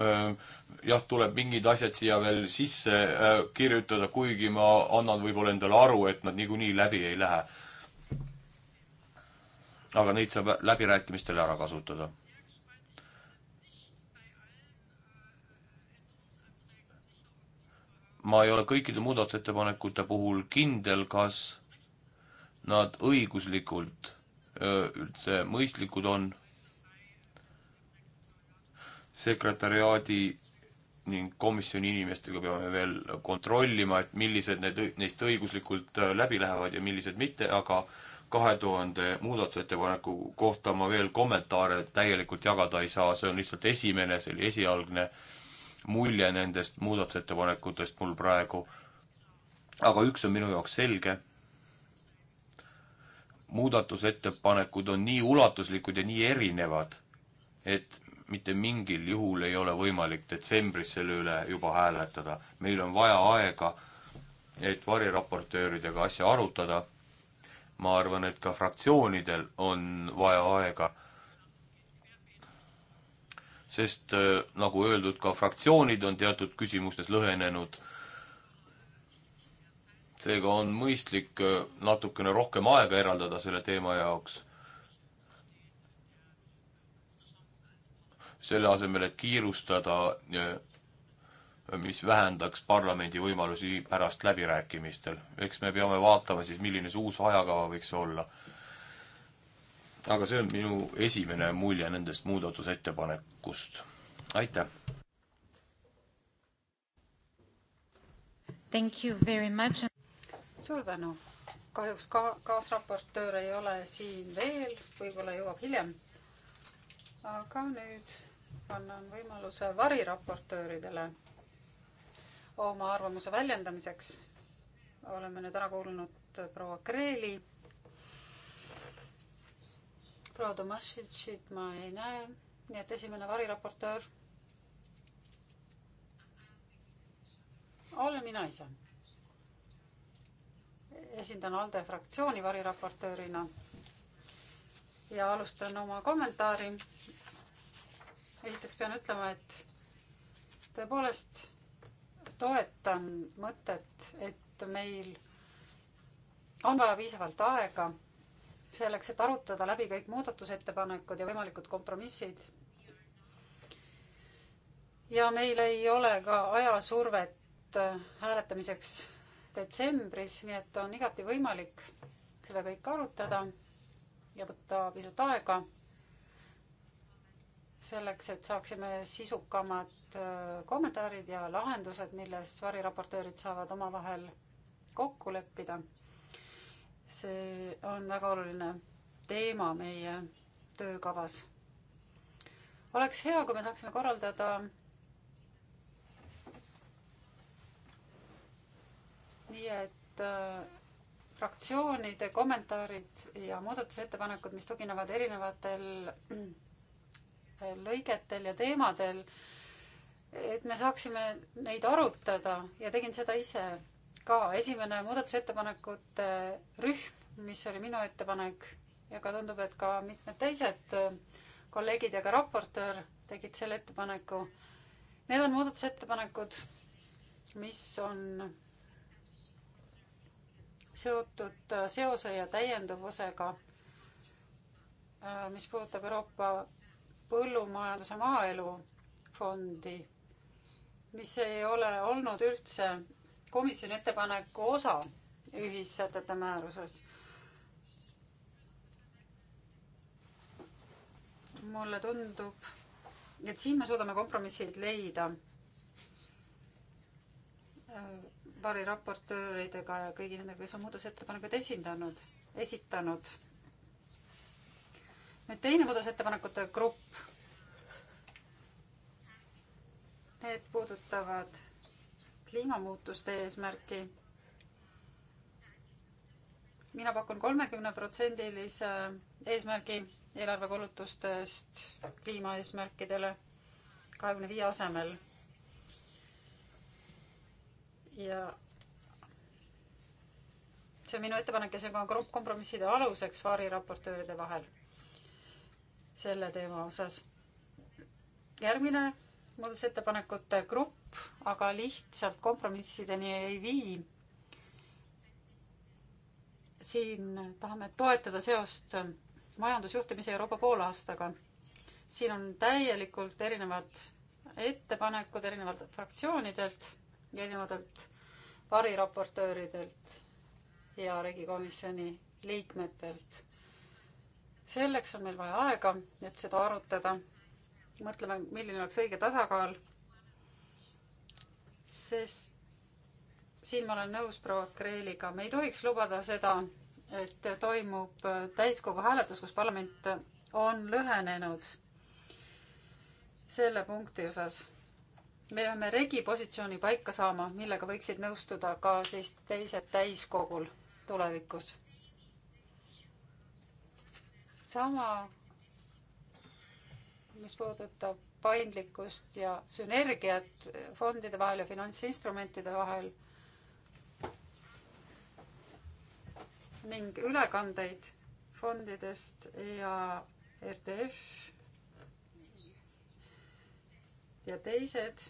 äh, jah, tuleb mingid asjad siia veel sisse äh, kirjutada, kuigi ma annan võib-olla endale aru, et nad niikuinii läbi ei lähe. aga neid saab läbirääkimistel ära kasutada ma ei ole kõikide muudatusettepanekute puhul kindel, kas nad õiguslikult üldse mõistlikud on. sekretäriaadi ning komisjoni inimestega peame veel kontrollima, et millised need, neist õiguslikult läbi lähevad ja millised mitte, aga kahe tuhande muudatusettepaneku kohta ma veel kommentaare täielikult jagada ei saa, see on lihtsalt esimene, see oli esialgne äh, mulje nendest muudatusettepanekutest mul praegu, aga üks on minu jaoks selge, muudatusettepanekud on nii ulatuslikud ja nii erinevad, et mitte mingil juhul ei ole võimalik detsembris selle üle juba hääletada. meil on vaja aega, et variraportööridega asja arutada ma arvan, et ka fraktsioonidel on vaja aega sest äh, nagu öeldud, ka fraktsioonid on teatud küsimustes lõhenenud. seega on mõistlik äh, natukene rohkem aega eraldada selle teema jaoks. selle asemel, et kiirustada, äh, mis vähendaks parlamendi võimalusi pärast läbirääkimistel. eks me peame vaatama siis, milline see uus ajakava võiks olla. aga see on minu esimene mulje nendest muudatusettepanekutest rikkust. aitäh! suur tänu! kahjuks ka kaasraportöör ei ole siin veel, võib-olla jõuab hiljem. aga nüüd annan võimaluse variraportööridele oma arvamuse väljendamiseks. oleme nüüd ära kuulanud proua Kreeli. proua Tomašitšit ma ei näe nii et esimene variraportöör olen mina ise. esindan ALDE fraktsiooni variraportöörina ja alustan oma kommentaari. esiteks pean ütlema, et tõepoolest toetan mõtet, et meil on vaja piisavalt aega selleks, et arutada läbi kõik muudatusettepanekud ja võimalikud kompromissid ja meil ei ole ka ajasurvet äh, hääletamiseks detsembris, nii et on igati võimalik seda kõike arutada ja võtta pisut aega selleks, et saaksime sisukamad äh, kommentaarid ja lahendused, milles variraportöörid saavad omavahel kokku leppida. see on väga oluline teema meie töökavas. oleks hea, kui me saaksime korraldada nii et äh, fraktsioonide kommentaarid ja muudatusettepanekud, mis tuginevad erinevatel äh, lõigetel ja teemadel, et me saaksime neid arutada ja tegin seda ise ka. esimene muudatusettepanekute rühm, mis oli minu ettepanek ja ka tundub, et ka mitmed teised äh, kolleegid ja ka raportöör tegid selle ettepaneku. Need on muudatusettepanekud, mis on seotud äh, seose ja täienduvusega, äh, mis puudutab Euroopa põllumajanduse maaelu fondi, mis ei ole olnud üldse komisjoni ettepaneku osa ühissätete määruses. mulle tundub, et siin me suudame kompromissid leida äh, variraportööridega ja kõigi nendega, kes on muudatusettepanekuid esindanud, esitanud. nüüd teine muudatusettepanekute grupp. Need puudutavad kliimamuutuste eesmärki. mina pakun kolmekümneprotsendilise eesmärgi eelarvekulutustest kliimaeesmärkidele kahekümne viie asemel ja see on minu ettepanek ja see on kompromisside aluseks variraportööride vahel selle teema osas. järgmine muudatusettepanekute grupp aga lihtsalt kompromissideni ei vii. siin tahame toetada seost majandusjuhtimise Euroopa poolaastaga. siin on täielikult erinevad ettepanekud erinevatelt fraktsioonidelt erinevatelt variraportööridelt ja regikomisjoni liikmetelt. selleks on meil vaja aega, et seda arutada. mõtleme, milline oleks õige tasakaal. sest siin ma olen nõus proua Kreeliga, me ei tohiks lubada seda, et toimub täiskogu hääletus, kus parlament on lõhenenud selle punkti osas me peame regi positsiooni paika saama, millega võiksid nõustuda ka siis teised täiskogul tulevikus. sama, mis puudutab paindlikkust ja sünergiat fondide vahel ja finantsinstrumentide vahel ning ülekandeid fondidest ja RDF ja teised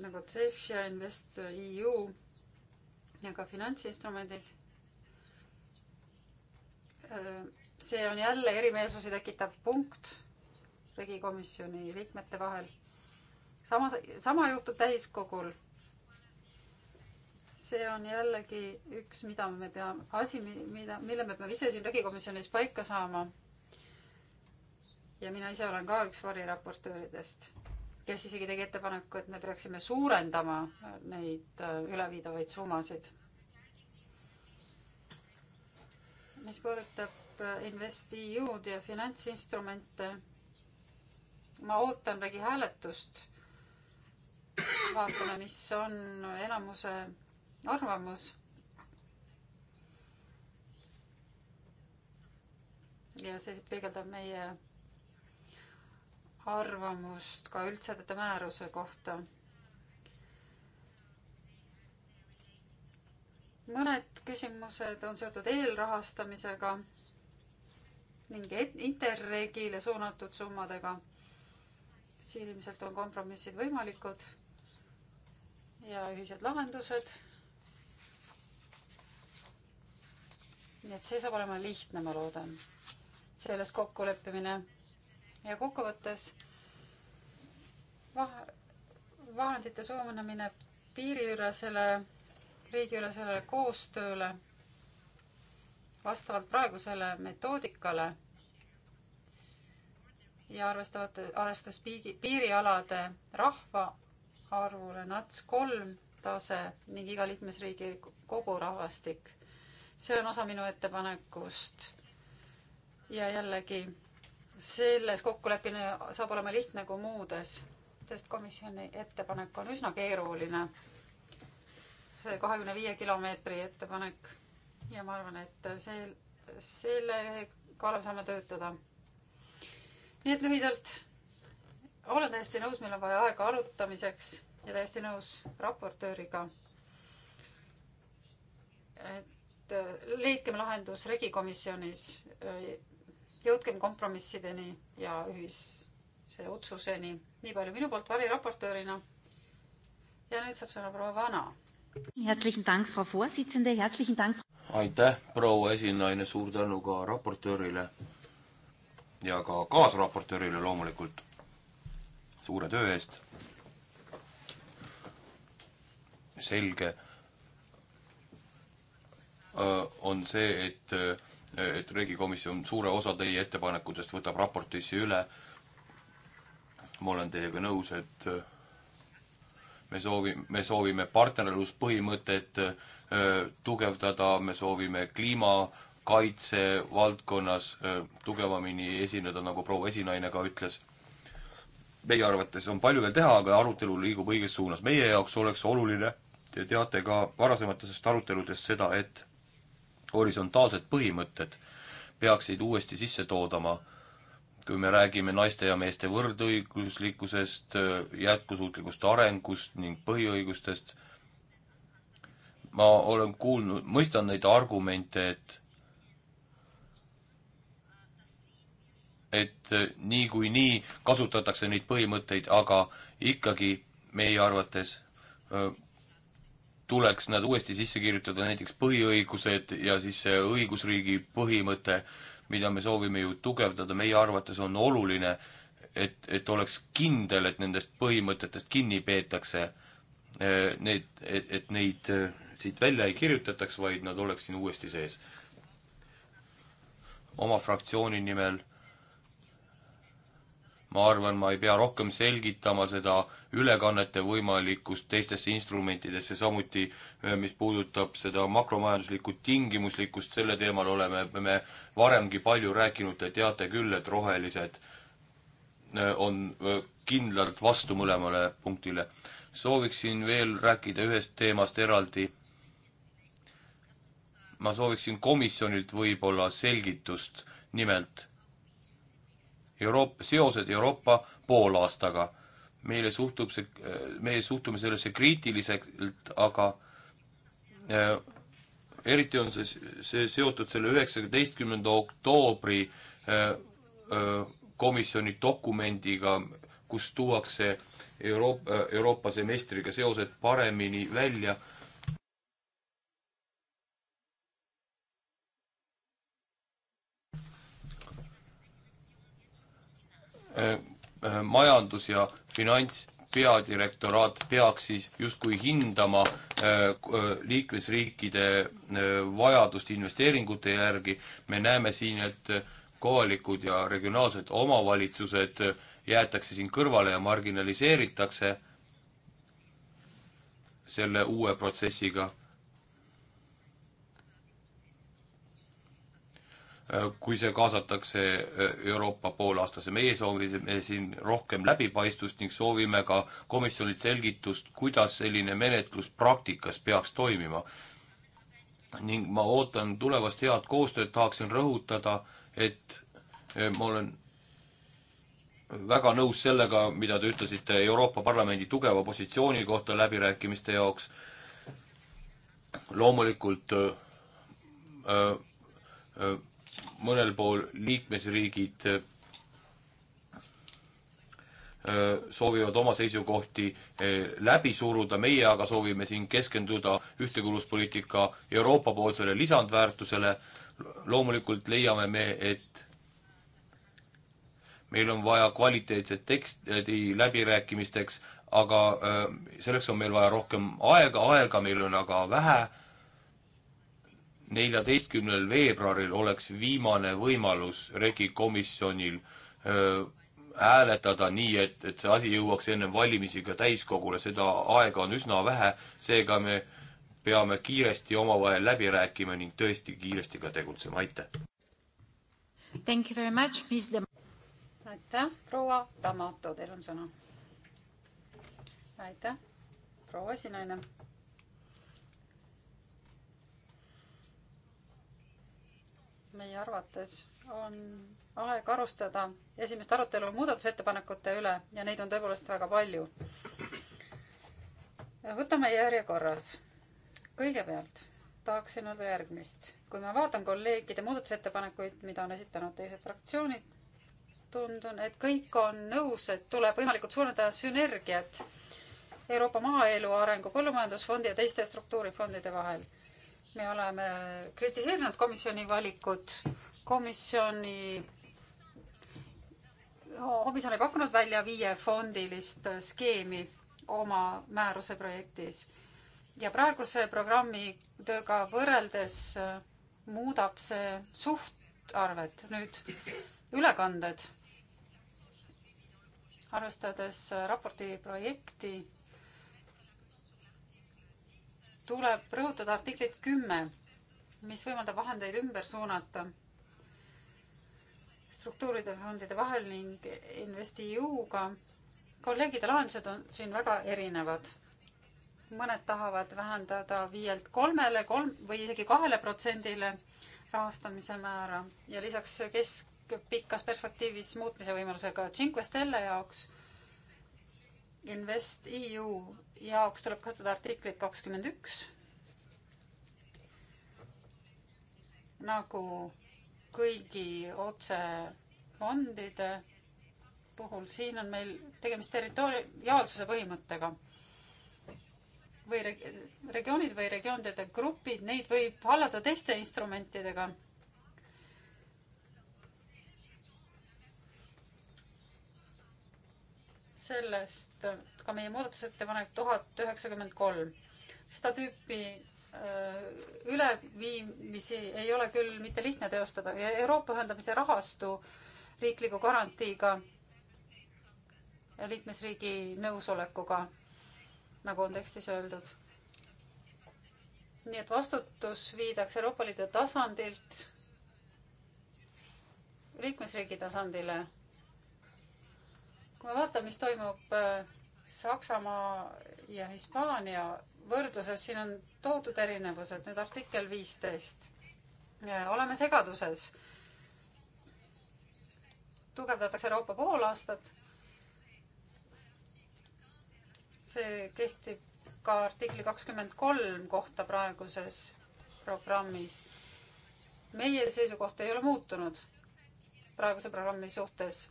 nagu CEF ja InvestEU ja ka finantsinstrumendid. Äh, see on jälle erimeelsusi tekitav punkt regikomisjoni liikmete vahel. sama, sama juhtub täiskogul. see on jällegi üks, mida me peame, asi, mida, mille me peame ise siin regikomisjonis paika saama. ja mina ise olen ka üks variraportööridest kes isegi tegi ettepaneku, et me peaksime suurendama neid äh, üleviidavaid summasid. mis puudutab äh, InvestEU-d ja finantsinstrumente, ma ootan vägi hääletust. vaatame, mis on enamuse arvamus. ja see peegeldab meie arvamust ka üldsätete määruse kohta. mõned küsimused on seotud eelrahastamisega ning Interregile suunatud summadega. siin ilmselt on kompromissid võimalikud ja ühised lahendused. nii et see saab olema lihtne, ma loodan, selles kokkuleppimine ja kokkuvõttes vahe, vahendite suunamine piiriülesele, riigiülesele koostööle vastavalt praegusele metoodikale ja arvestavate, arvestades piigi, piirialade rahvaarvule NATS kolm tase ning iga liikmesriigi kogu rahvastik. see on osa minu ettepanekust. ja jällegi selles kokkuleppimine saab olema lihtne kui muudes, sest komisjoni ettepanek on üsna keeruline. see kahekümne viie kilomeetri ettepanek ja ma arvan, et see, selle kallal saame töötada. nii et lühidalt olen täiesti nõus, meil on vaja aega arutamiseks ja täiesti nõus raportööriga. et leidkem lahendus regikomisjonis jõudkem kompromissideni ja ühise otsuseni. nii palju minu poolt variraportöörina. ja nüüd saab sõna proua Vana. aitäh, proua esinaine, suur tänu ka raportöörile ja ka kaasraportöörile loomulikult suure töö eest. selge äh, on see, et äh, et Riigikomisjon suure osa teie ettepanekutest võtab raportisse üle. ma olen teiega nõus, et me soovi-, me soovime partnerluspõhimõtet äh, tugevdada, me soovime kliimakaitse valdkonnas äh, tugevamini esineda, nagu proua esinaine ka ütles. meie arvates on palju veel teha, aga arutelu liigub õiges suunas. meie jaoks oleks oluline, te teate ka varasematest aruteludest seda, et horisontaalsed põhimõtted peaksid uuesti sisse toodama, kui me räägime naiste ja meeste võrdõiguslikkusest, jätkusuutlikust arengust ning põhiõigustest, ma olen kuulnud, mõistan neid argumente, et et niikuinii nii kasutatakse neid põhimõtteid, aga ikkagi meie arvates tuleks nad uuesti sisse kirjutada, näiteks põhiõigused ja siis see õigusriigi põhimõte, mida me soovime ju tugevdada, meie arvates on oluline, et, et oleks kindel, et nendest põhimõtetest kinni peetakse, eh, need, et, et neid eh, siit välja ei kirjutataks, vaid nad oleks siin uuesti sees. oma fraktsiooni nimel ma arvan, ma ei pea rohkem selgitama seda ülekannete võimalikkust teistesse instrumentidesse, samuti eh, mis puudutab seda makromajanduslikku tingimuslikkust, selle teemal oleme me varemgi palju rääkinud, te teate küll, et rohelised eh, on eh, kindlalt vastu mõlemale punktile. sooviksin veel rääkida ühest teemast eraldi. ma sooviksin komisjonilt võib-olla selgitust, nimelt Euroop-, seosed Euroopa poolaastaga. meile suhtub see, meie suhtume sellesse kriitiliselt, aga äh, eriti on see, see seotud selle üheksateistkümnenda oktoobri äh, äh, komisjoni dokumendiga, kus tuuakse Euroopa, Euroopa semestriga seosed paremini välja Eh, eh, majandus- ja finantspeadirektoraat peaks siis justkui hindama eh, liikmesriikide vajadust investeeringute järgi, me näeme siin, et kohalikud ja regionaalsed omavalitsused jäetakse siin kõrvale ja marginaliseeritakse selle uue protsessiga Äh, kui see kaasatakse äh, Euroopa poolaastase. meie soovime siin rohkem läbipaistvust ning soovime ka komisjonilt selgitust, kuidas selline menetlus praktikas peaks toimima. ning ma ootan tulevast head koostööd, tahaksin rõhutada, et äh, ma olen väga nõus sellega, mida te ütlesite Euroopa Parlamendi tugeva positsiooni kohta läbirääkimiste jaoks. loomulikult öö, öö, mõnel pool liikmesriigid äh, soovivad oma seisukohti äh, läbi suruda, meie aga soovime siin keskenduda ühtekuuluvuspoliitika Euroopa-poolsele lisandväärtusele. loomulikult leiame me, et meil on vaja kvaliteetset teksti läbirääkimisteks, aga äh, selleks on meil vaja rohkem aega, aega meil on aga vähe neljateistkümnel veebruaril oleks viimane võimalus REKI komisjonil hääletada nii, et, et see asi jõuaks enne valimisi ka täiskogule, seda aega on üsna vähe, seega me peame kiiresti omavahel läbi rääkima ning tõesti kiiresti ka tegutsema, aitäh! Thank you very much, Miss Dem-. aitäh, proua Tamato, teil on sõna. aitäh, proua esinaine meie arvates on aeg alustada esimest arutelu muudatusettepanekute üle ja neid on tõepoolest väga palju. võtame järjekorras. kõigepealt tahaksin öelda järgmist. kui ma vaatan kolleegide muudatusettepanekuid, mida on esitanud teised fraktsioonid, tundun, et kõik on nõus, et tuleb võimalikult suurendada sünergiat Euroopa Maaelu Arengu Põllumajandusfondi ja teiste struktuurifondide vahel me oleme kritiseerinud komisjoni valikut. komisjoni komisjon ei pakkunud välja viiefondilist skeemi oma määruse projektis ja praeguse programmi tööga võrreldes muudab see suhtarvet nüüd ülekanded. arvestades raporti projekti tuleb rõhutada artiklit kümme, mis võimaldab vahendeid ümber suunata struktuuride ja fondide vahel ning InvestEU-ga. kolleegide lahendused on siin väga erinevad. mõned tahavad vähendada viielt kolmele, kolm või isegi kahele protsendile rahastamise määra ja lisaks keskpikas perspektiivis muutmise võimalusega Cinque Stelle jaoks InvestEU jaoks tuleb kasutada artiklit kakskümmend üks. nagu kõigi otsefondide puhul, siin on meil tegemist territoriaalsuse põhimõttega või regioonid või regioonide grupid, neid võib hallata teiste instrumentidega sellest ka meie muudatusettepanek tuhat üheksakümmend kolm. seda tüüpi äh, üleviimisi ei ole küll mitte lihtne teostada ja Euroopa ühendamise rahastu riikliku garantiiga ja liikmesriigi nõusolekuga, nagu on tekstis öeldud. nii et vastutus viidakse Euroopa Liidu tasandilt liikmesriigi tasandile kui me vaatame, mis toimub äh, Saksamaa ja Hispaania võrdluses, siin on tohutud erinevused, nüüd artikkel viisteist. oleme segaduses. tugevdatakse Euroopa poolaastat. see kehtib ka artikli kakskümmend kolm kohta praeguses programmis. meie seisukoht ei ole muutunud praeguse programmi suhtes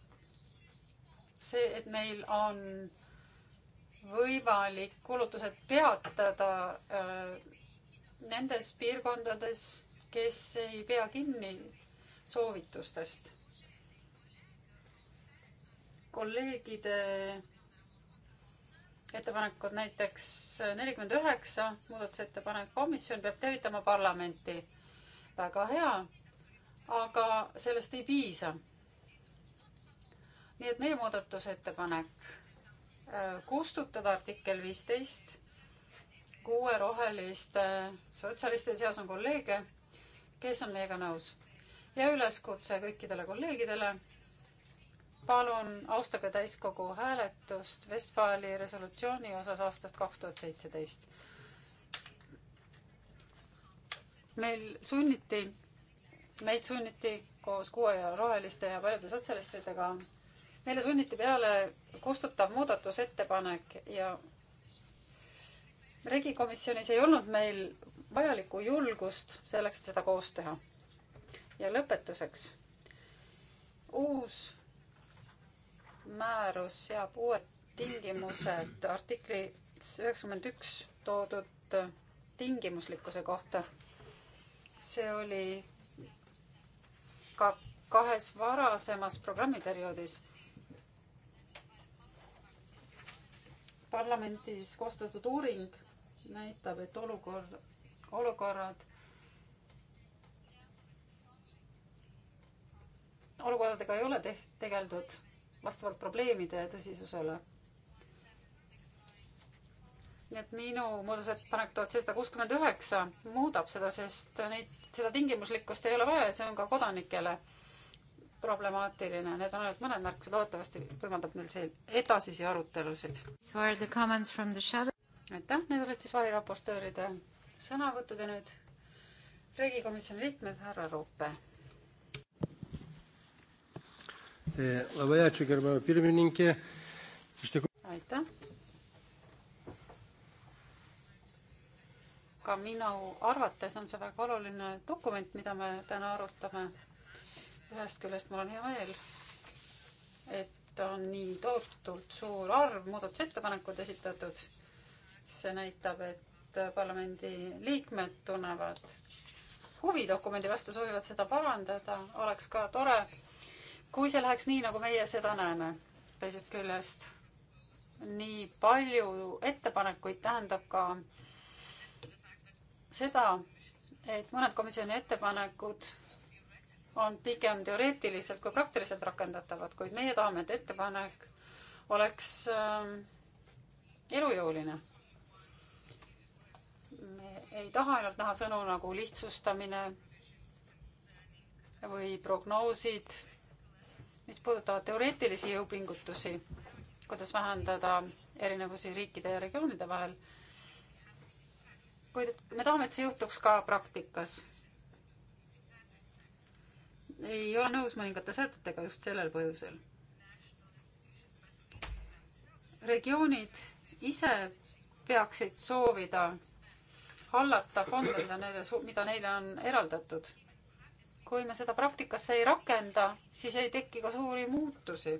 see, et meil on võimalik kulutused peatada äh, nendes piirkondades, kes ei pea kinni soovitustest. kolleegide ettepanekud, näiteks nelikümmend üheksa muudatusettepanek, komisjon peab teavitama parlamenti. väga hea, aga sellest ei piisa nii et meie muudatusettepanek äh, kustutada artikkel viisteist, kuue roheliste sotsialistide seas on kolleege, kes on meiega nõus ja üleskutse kõikidele kolleegidele. palun austage täiskogu hääletust Vestfaali resolutsiooni osas aastast kaks tuhat seitseteist. meil sunniti, meid sunniti koos kuue ja roheliste ja paljude sotsialistidega meile sunniti peale kustutav muudatusettepanek ja regikomisjonis ei olnud meil vajalikku julgust selleks, et seda koos teha. ja lõpetuseks. uus määrus seab uued tingimused artiklis üheksakümmend üks toodud tingimuslikkuse kohta. see oli ka kahes varasemas programmiperioodis parlamendis koostatud uuring näitab, et olukord, olukorrad, olukordadega ei ole teht-, tegeldud vastavalt probleemide tõsisusele. nii et minu muudatusettepanek tuhat seitsesada kuuskümmend üheksa muudab seda, sest neid, seda tingimuslikkust ei ole vaja ja see on ka kodanikele problemaatiline, need on ainult mõned märkused, loodetavasti võimaldab neil see edasisi arutelusid. aitäh, need olid siis variraportööride sõnavõtud ja nüüd riigikomisjoni liikmed, härra Roope. Eh, aitäh. ka minu arvates on see väga oluline dokument, mida me täna arutame ühest küljest mul on hea meel, et on nii tohutult suur arv muudatusettepanekud esitatud. see näitab, et parlamendi liikmed tunnevad huvi dokumendi vastu, soovivad seda parandada, oleks ka tore, kui see läheks nii, nagu meie seda näeme. teisest küljest nii palju ettepanekuid tähendab ka seda, et mõned komisjoni ettepanekud on pigem teoreetiliselt kui praktiliselt rakendatavad, kuid meie tahame, et ettepanek oleks ähm, elujõuline. me ei taha ainult näha sõnu nagu lihtsustamine või prognoosid, mis puudutavad teoreetilisi jõupingutusi, kuidas vähendada erinevusi riikide ja regioonide vahel. kuid me tahame, et see juhtuks ka praktikas ei ole nõus mõningate sätetega just sellel põhjusel. regioonid ise peaksid soovida hallata fonde, mida neile, mida neile on eraldatud. kui me seda praktikasse ei rakenda, siis ei teki ka suuri muutusi.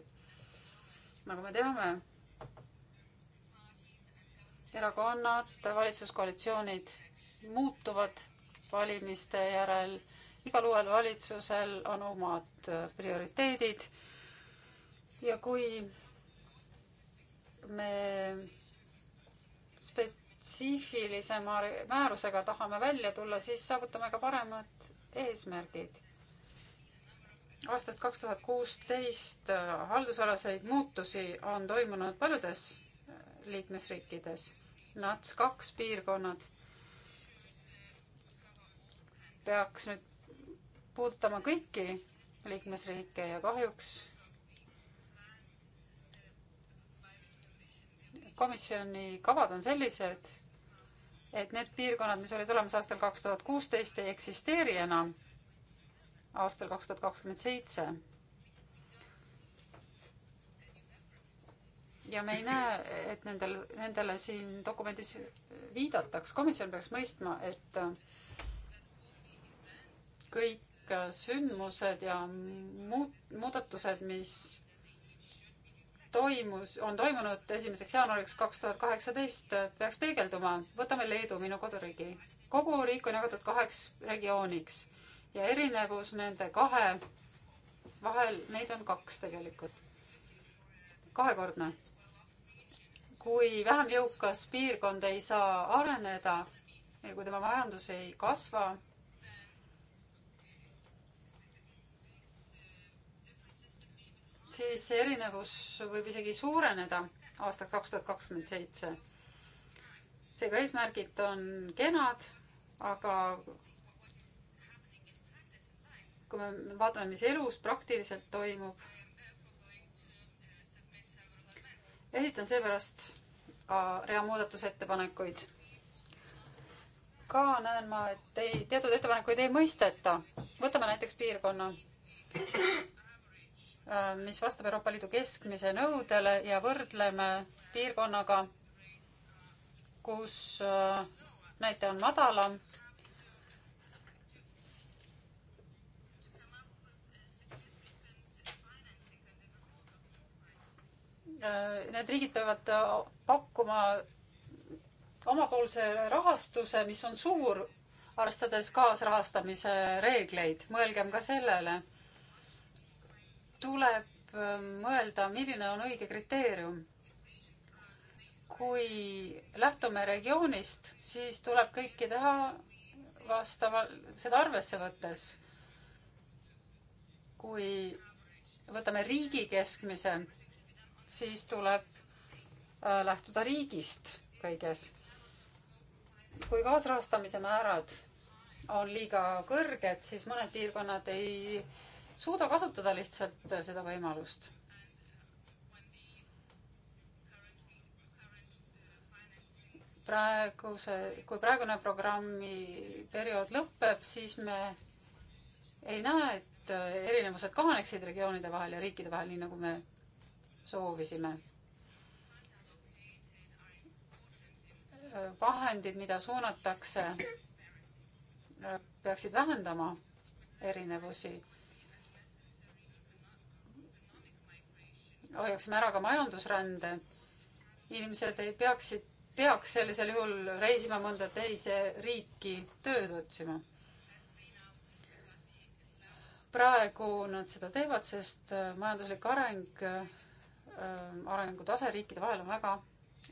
nagu me teame, erakonnad, valitsuskoalitsioonid muutuvad valimiste järel igal uuel valitsusel on omad äh, prioriteedid ja kui me spetsiifilisema määrusega tahame välja tulla, siis saavutame ka paremad eesmärgid aastast kaks tuhat kuusteist äh, haldusalaseid muutusi on toimunud paljudes äh, liikmesriikides. NATS kaks piirkonnad peaks nüüd puudutama kõiki liikmesriike ja kahjuks komisjoni kavad on sellised, et need piirkonnad, mis olid olemas aastal kaks tuhat kuusteist, ei eksisteeri enam aastal kaks tuhat kakskümmend seitse. ja me ei näe, et nendel, nendele siin dokumendis viidataks. komisjon peaks mõistma, et kõik kõik sündmused ja muut-, muudatused, mis toimus, on toimunud esimeseks jaanuariks kaks tuhat kaheksateist, peaks peegelduma. võtame Leedu, minu koduriigi. kogu riik on jagatud kaheks regiooniks ja erinevus nende kahe vahel, neid on kaks tegelikult, kahekordne. kui vähem jõukas piirkond ei saa areneda ja kui tema majandus ei kasva, siis see erinevus võib isegi suureneda aastaks kaks tuhat kakskümmend seitse. seega eesmärgid on kenad, aga kui me vaatame, mis elus praktiliselt toimub, esitan seepärast ka rea muudatusettepanekuid. ka näen ma, et ei, teatud ettepanekuid ei mõisteta. võtame näiteks piirkonna Äh, mis vastab Euroopa Liidu keskmise nõudele ja võrdleme piirkonnaga, kus äh, näitaja on madalam. Äh, need riigid peavad pakkuma omapoolse rahastuse, mis on suur, arvestades kaasrahastamise reegleid. mõelgem ka sellele tuleb ähm, mõelda, milline on õige kriteerium. kui lähtume regioonist, siis tuleb kõiki teha vastaval, seda arvesse võttes. kui võtame riigi keskmise, siis tuleb äh, lähtuda riigist kõiges. kui kaasrahastamise määrad on liiga kõrged, siis mõned piirkonnad ei suuda kasutada lihtsalt seda võimalust. praeguse, kui praegune programmi periood lõpeb, siis me ei näe, et erinevused kahaneksid regioonide vahel ja riikide vahel, nii nagu me soovisime vahendid, mida suunatakse, peaksid vähendama erinevusi hoiaksime ära ka majandusrände. inimesed ei peaksid, peaks sellisel juhul reisima mõnda teise riiki tööd otsima. praegu nad seda teevad, sest äh, majanduslik areng, äh, arengutase riikide vahel on väga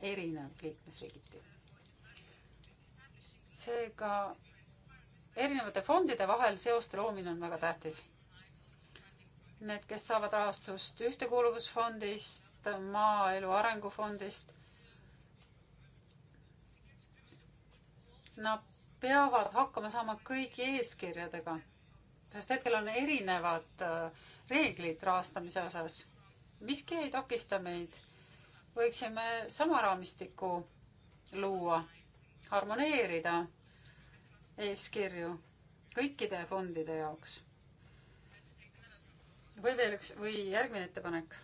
erinev liikmesriigiti. seega erinevate fondide vahel seoste loomine on väga tähtis need, kes saavad rahastust Ühtekuuluvusfondist, Maaelu Arengufondist, nad peavad hakkama saama kõigi eeskirjadega, sest hetkel on erinevad äh, reeglid rahastamise osas. miski ei takista meid. võiksime sama raamistiku luua, harmoneerida eeskirju kõikide fondide jaoks või veel üks või järgmine ettepanek.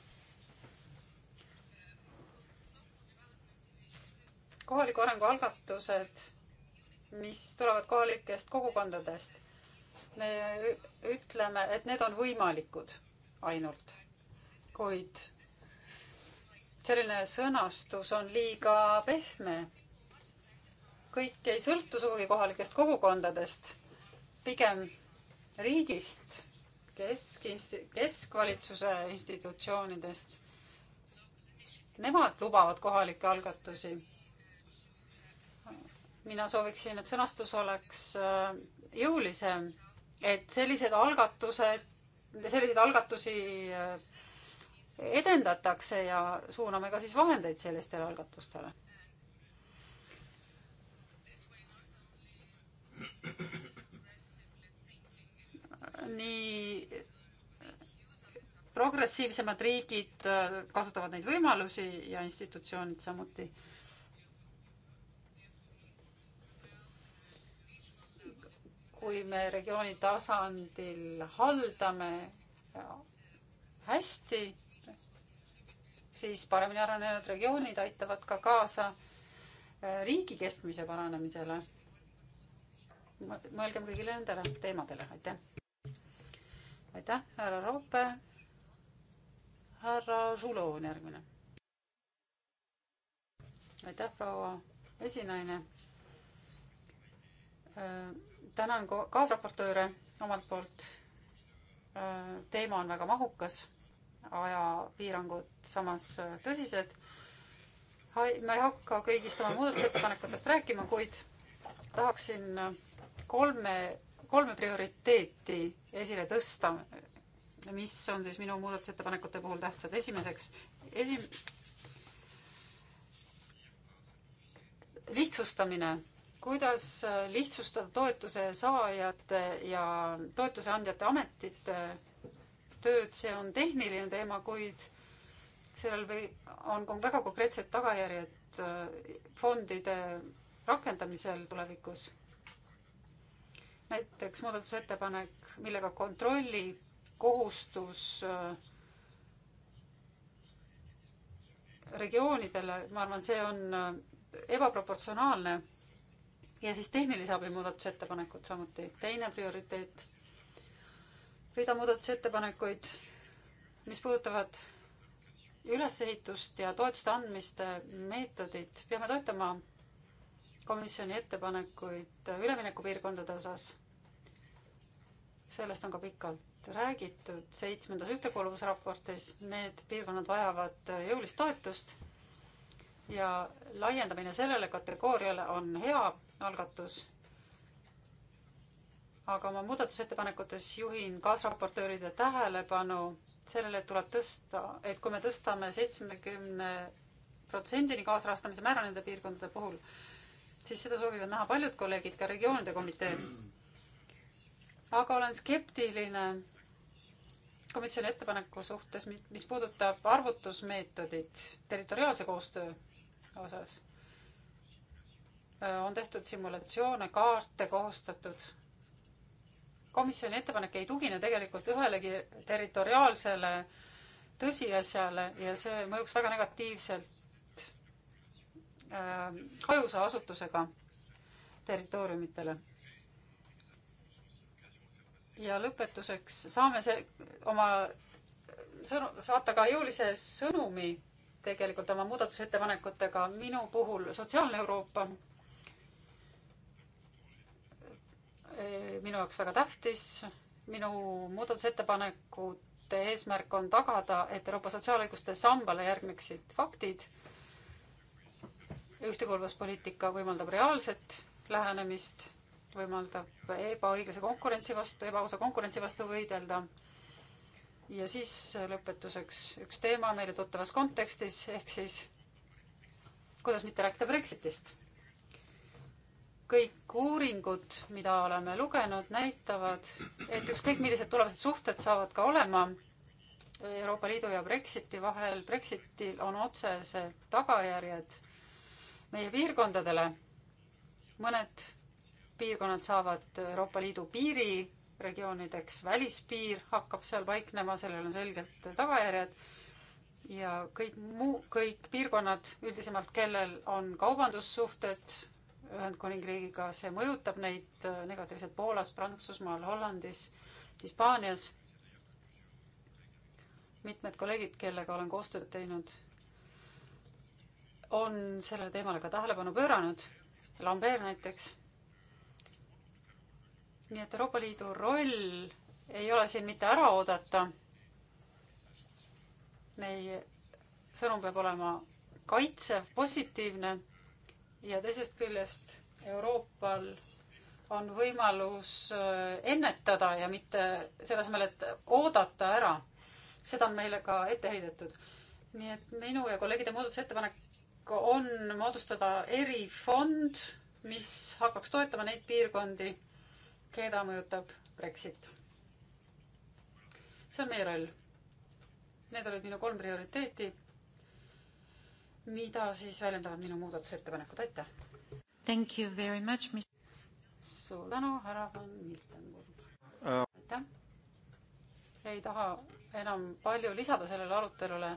kohaliku arengu algatused, mis tulevad kohalikest kogukondadest. me ütleme, et need on võimalikud ainult, kuid selline sõnastus on liiga pehme. kõik ei sõltu sugugi kohalikest kogukondadest, pigem riigist kesk, keskvalitsuse institutsioonidest. Nemad lubavad kohalikke algatusi. mina sooviksin, et sõnastus oleks äh, jõulisem, et sellised algatused, selliseid algatusi äh, edendatakse ja suuname ka siis vahendeid sellistele algatustele nii progressiivsemad riigid äh, kasutavad neid võimalusi ja institutsioonid samuti. kui me regiooni tasandil haldame äh, hästi, siis paremini arenenud regioonid aitavad ka kaasa äh, riigi kestmise paranemisele. mõelgem kõigile nendele teemadele, aitäh aitäh, härra Roope. härra Žulov on järgmine. aitäh, proua esinaine äh,. tänan kaasraportööre omalt poolt äh,. teema on väga mahukas, ajapiirangud samas äh, tõsised ma ei hakka kõigist oma muudatusettepanekutest rääkima, kuid tahaksin äh, kolme kolme prioriteeti esile tõsta, mis on siis minu muudatusettepanekute puhul tähtsad. esimeseks, esim-, lihtsustamine, kuidas lihtsustada toetuse saajate ja toetuse andjate ametite tööd, see on tehniline teema, kuid sellel või on väga konkreetsed tagajärjed äh, fondide rakendamisel tulevikus näiteks muudatusettepanek, millega kontrolli kohustus äh, regioonidele, ma arvan, see on äh, ebaproportsionaalne. ja siis tehnilise abi muudatusettepanekud samuti, teine prioriteet. rida muudatusettepanekuid, mis puudutavad ülesehitust ja toetuste andmiste meetodit, peame toetama komisjoni ettepanekuid üleminekupiirkondade osas. sellest on ka pikalt räägitud seitsmendas ühtekuuluvusraportis, need piirkonnad vajavad jõulist toetust ja laiendamine sellele kategooriale on hea algatus aga oma muudatusettepanekutes juhin kaasraportööride tähelepanu sellele, et tuleb tõsta, et kui me tõstame seitsmekümne protsendini kaasrahastamise määra nende piirkondade puhul, siis seda soovivad näha paljud kolleegid, ka regioonide komitee. aga olen skeptiline komisjoni ettepaneku suhtes, mis puudutab arvutusmeetodit territoriaalse koostöö osas. on tehtud simulatsioone, kaarte koostatud. komisjoni ettepanek ei tugine tegelikult ühelegi territoriaalsele tõsiasjale ja see mõjuks väga negatiivselt äh, hajusa asutusega territooriumitele. ja lõpetuseks saame see oma sõnu-, saata ka jõulise sõnumi tegelikult oma muudatusettepanekutega, minu puhul Sotsiaalne Euroopa, e, minu jaoks väga tähtis, minu muudatusettepanekute eesmärk on tagada, et Euroopa sotsiaalõiguste sambale järgneksid faktid, ühtekuuluvuspoliitika võimaldab reaalset lähenemist, võimaldab ebaõiglase konkurentsi vastu, ebaausa konkurentsi vastu võidelda. ja siis lõpetuseks üks teema meile tuttavas kontekstis, ehk siis kuidas mitte rääkida Brexitist. kõik uuringud, mida oleme lugenud, näitavad, et ükskõik millised tulevased suhted saavad ka olema Euroopa Liidu ja Brexiti vahel, Brexitil on otsesed tagajärjed meie piirkondadele. mõned piirkonnad saavad Euroopa Liidu piiriregioonideks, välispiir hakkab seal paiknema, sellel on selgelt tagajärjed. ja kõik muu, kõik piirkonnad üldisemalt, kellel on kaubandussuhted Ühendkuningriigiga, see mõjutab neid äh, negatiivselt Poolas, Prantsusmaal, Hollandis, Hispaanias. mitmed kolleegid, kellega olen koostööd teinud on sellele teemale ka tähelepanu pööranud, Lambert näiteks. nii et Euroopa Liidu roll ei ole siin mitte ära oodata. meie sõnum peab olema kaitsev, positiivne ja teisest küljest Euroopal on võimalus äh, ennetada ja mitte selle asemel, et oodata ära. seda on meile ka ette heidetud. nii et minu ja kolleegide muudatusettepanek on moodustada erifond, mis hakkaks toetama neid piirkondi, keda mõjutab Brexit. see on meie roll. Need olid minu kolm prioriteeti, mida siis väljendavad minu muudatusettepanekud, aitäh! Thank you very much, mis-. suur tänu, härra von Miltenburg uh.... aitäh! ei taha enam palju lisada sellele arutelule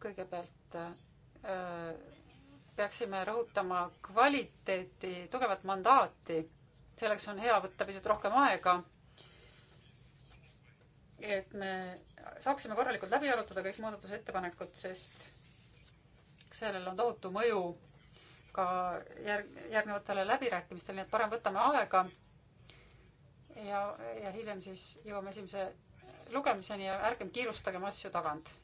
kõigepealt äh, peaksime rõhutama kvaliteeti, tugevat mandaati. selleks on hea võtta pisut rohkem aega. et me saaksime korralikult läbi arutada kõik muudatusettepanekud, sest sellel on tohutu mõju ka järg, järgnevatele läbirääkimistele, nii et parem võtame aega. ja, ja hiljem siis jõuame esimese lugemiseni ja ärgem kiirustagem asju tagant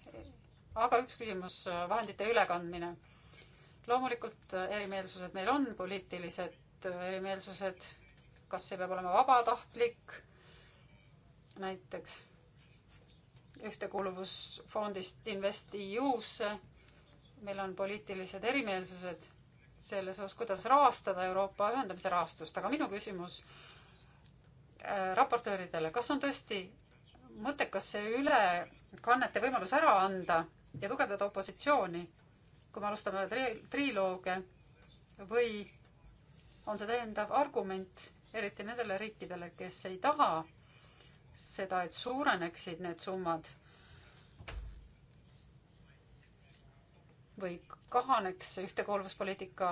aga üks küsimus, äh, vahendite ülekandmine. loomulikult äh, erimeelsused meil on, poliitilised äh, erimeelsused, kas see peab olema vabatahtlik näiteks ühtekuuluvusfondist InvestEU-sse, meil on poliitilised erimeelsused selles osas, kuidas rahastada Euroopa ühendamise rahastust, aga minu küsimus äh, raportööridele, kas on tõesti mõttekas see ülekannete võimalus ära anda ja tugevdada opositsiooni, kui me alustame trilooge või on see täiendav argument, eriti nendele riikidele, kes ei taha seda, et suureneksid need summad või kahaneks ühtekuuluvuspoliitika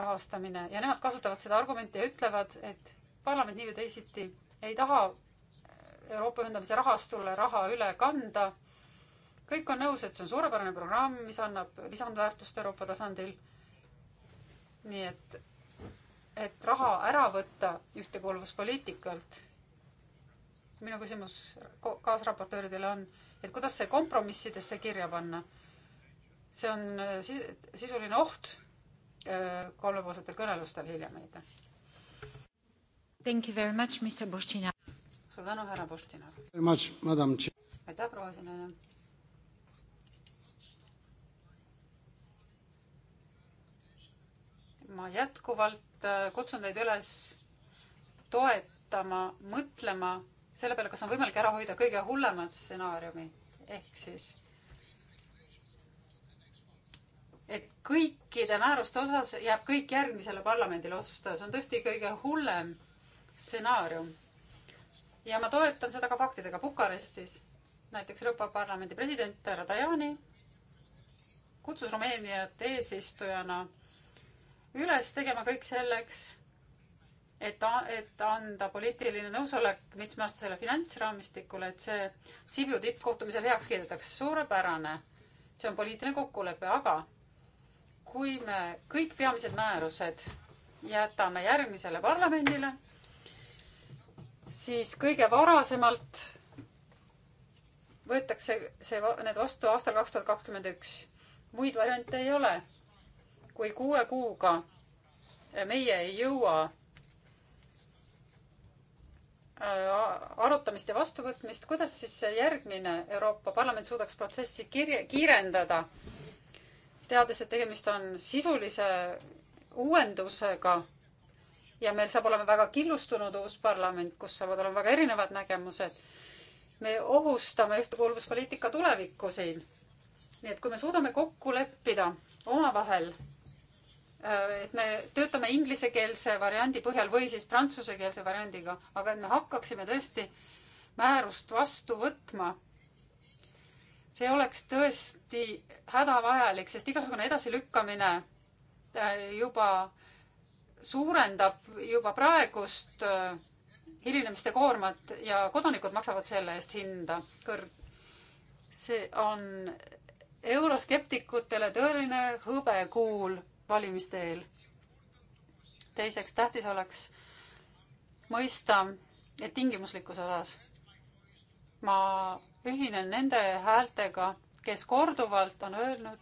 rahastamine ja nemad kasutavad seda argumenti ja ütlevad, et parlament nii või teisiti ei taha Euroopa ühendamise rahastule raha üle kanda kõik on nõus, et see on suurepärane programm, mis annab lisandväärtust Euroopa tasandil. nii et, et raha ära võtta ühtekuuluvuspoliitikalt. minu küsimus kaasraportööridele on, et kuidas see kompromissidesse kirja panna? see on äh, sisuline oht äh, kolmepoolsetel kõnelustel hiljem, aitäh. Thank you very much, Mr Bushina. suur tänu, härra Bushina. aitäh, proua esineja ma jätkuvalt äh, kutsun teid üles toetama, mõtlema selle peale, kas on võimalik ära hoida kõige hullemat stsenaariumi, ehk siis et kõikide määruste osas jääb kõik järgmisele parlamendile otsustada, see on tõesti kõige hullem stsenaarium. ja ma toetan seda ka faktidega Bukarestis. näiteks Euroopa Parlamendi president härra Tajani kutsus Rumeeniat eesistujana üles tegema kõik selleks, et, et anda poliitiline nõusolek mitmeaastasele finantsraamistikule, et see Sibiu tippkohtumisel heaks kiidetakse. suurepärane, see on poliitiline kokkulepe, aga kui me kõik peamised määrused jätame järgmisele parlamendile, siis kõige varasemalt võetakse see, need vastu aastal kaks tuhat kakskümmend üks. muid variante ei ole kui kuue kuuga meie ei jõua äh, arutamist ja vastuvõtmist, kuidas siis järgmine Euroopa Parlament suudaks protsessi kirje, kiirendada, teades, et tegemist on sisulise uuendusega ja meil saab olema väga killustunud uus parlament, kus saavad olema väga erinevad nägemused. me ohustame ühtekuuluvuspoliitika tulevikku siin. nii et kui me suudame kokku leppida omavahel Äh, et me töötame inglisekeelse variandi põhjal või siis prantsusekeelse variandiga, aga et me hakkaksime tõesti määrust vastu võtma. see oleks tõesti hädavajalik, sest igasugune edasilükkamine äh, juba suurendab juba praegust äh, hilinemiste koormat ja kodanikud maksavad selle eest hinda kõrg-. see on euroskeptikutele tõeline hõbekuul valimiste eel. teiseks, tähtis oleks mõista, et tingimuslikkuse osas ma ühinen nende häältega, kes korduvalt on öelnud,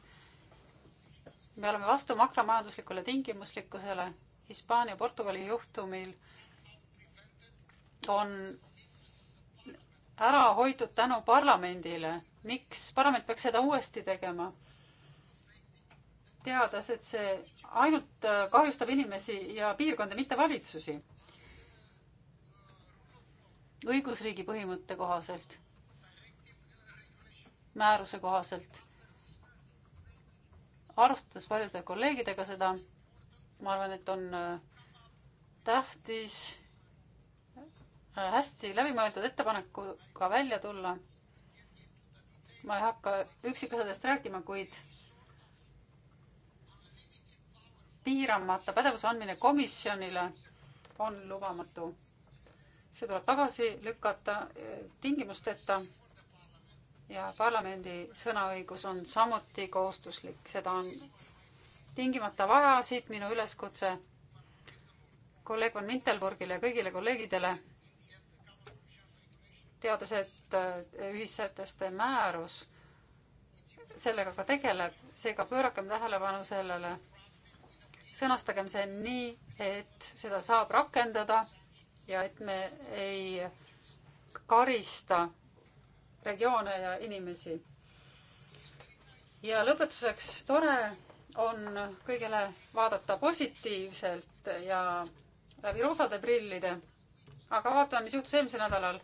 me oleme vastu makromajanduslikule tingimuslikkusele. Hispaania, Portugali juhtumil on ära hoitud tänu parlamendile. miks parlament peaks seda uuesti tegema? teades, et see ainult äh, kahjustab inimesi ja piirkonda, mitte valitsusi. õigusriigi põhimõtte kohaselt, määruse kohaselt, arvestades paljude kolleegidega seda, ma arvan, et on äh, tähtis äh, hästi läbimõeldud ettepanekuga välja tulla. ma ei hakka üksikasjadest rääkima, kuid piiramata pädevuse andmine komisjonile on lubamatu. see tuleb tagasi lükata eh, tingimusteta ja parlamendi sõnaõigus on samuti kohustuslik, seda on tingimata vaja, siit minu üleskutse kolleeg Van Mintelburgile ja kõigile kolleegidele, teades, et eh, ühissäteste määrus sellega ka tegeleb, seega pöörakem tähelepanu sellele sõnastagem see nii, et seda saab rakendada ja et me ei karista regioone ja inimesi. ja lõpetuseks, tore on kõigele vaadata positiivselt ja läbi roosade prillide. aga vaatame, mis juhtus eelmisel nädalal.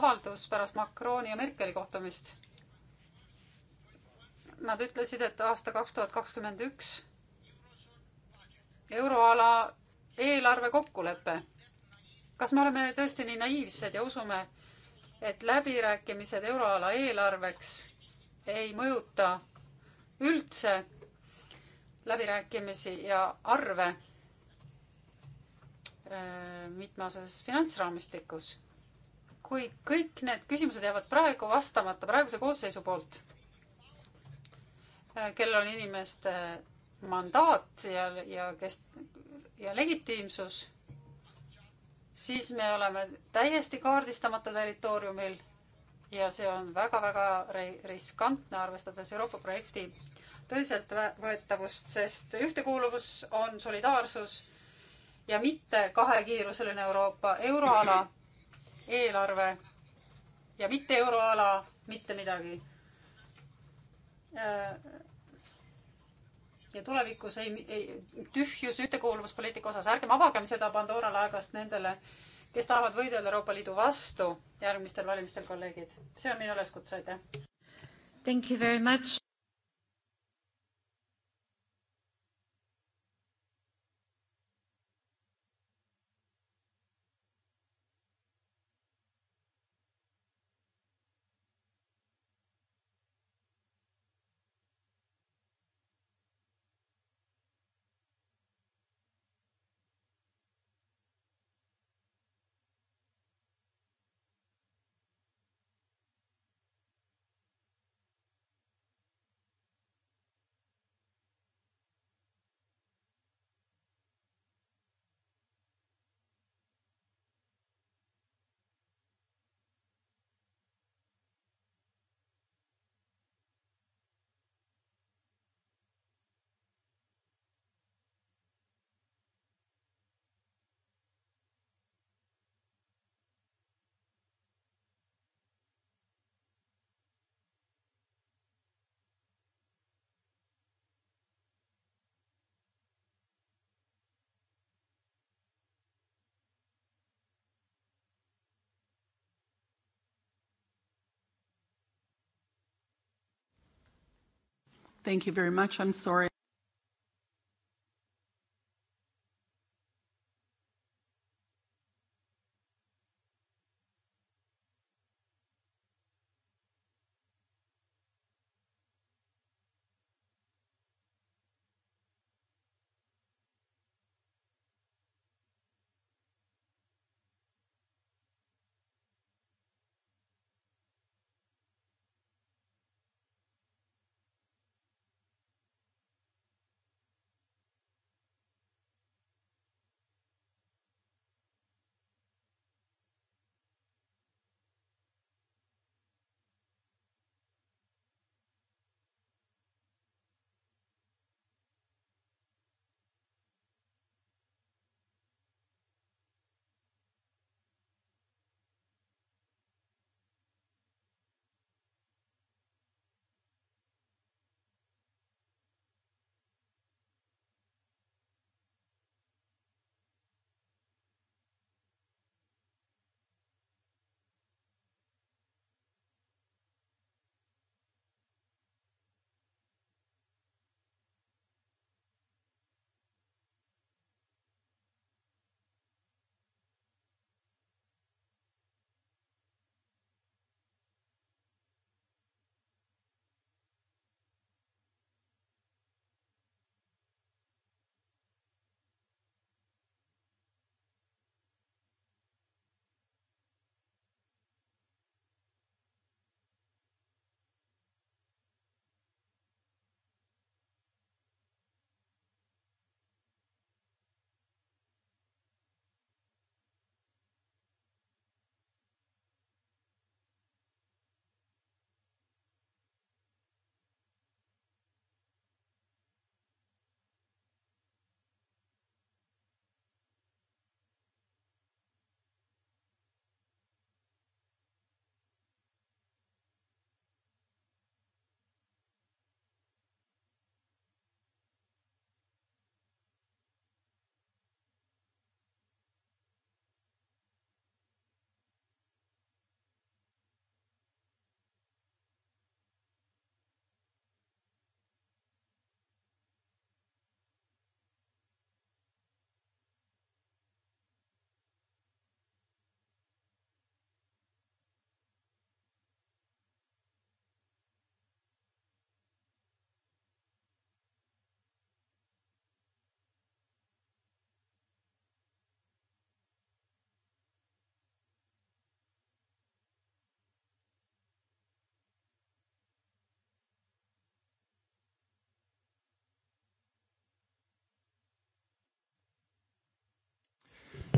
avaldus pärast Macroni ja Merkeli kohtumist. Nad ütlesid, et aasta kaks tuhat kakskümmend üks euroala eelarve kokkulepe. kas me oleme tõesti nii naiivsed ja usume, et läbirääkimised euroala eelarveks ei mõjuta üldse läbirääkimisi ja arve äh, mitmeaastases finantsraamistikus? kui kõik need küsimused jäävad praegu vastamata praeguse koosseisu poolt, äh, kellel on inimeste mandaat ja, ja kes ja legitiimsus, siis me oleme täiesti kaardistamata territooriumil ja see on väga-väga riskantne, arvestades Euroopa projekti tõsiseltvõetavust, sest ühtekuuluvus on solidaarsus ja mitte kahekiiruseline Euroopa euroala eelarve ja mitte euroala mitte midagi äh, ja tulevikus ei, ei tühjus ühtekuuluvuspoliitika osas, ärgem avagem seda Pandora laegast nendele, kes tahavad võidelda Euroopa Liidu vastu järgmistel valimistel, kolleegid. see on minu üleskutse, aitäh! Thank you very much! Thank you very much, I am sorry.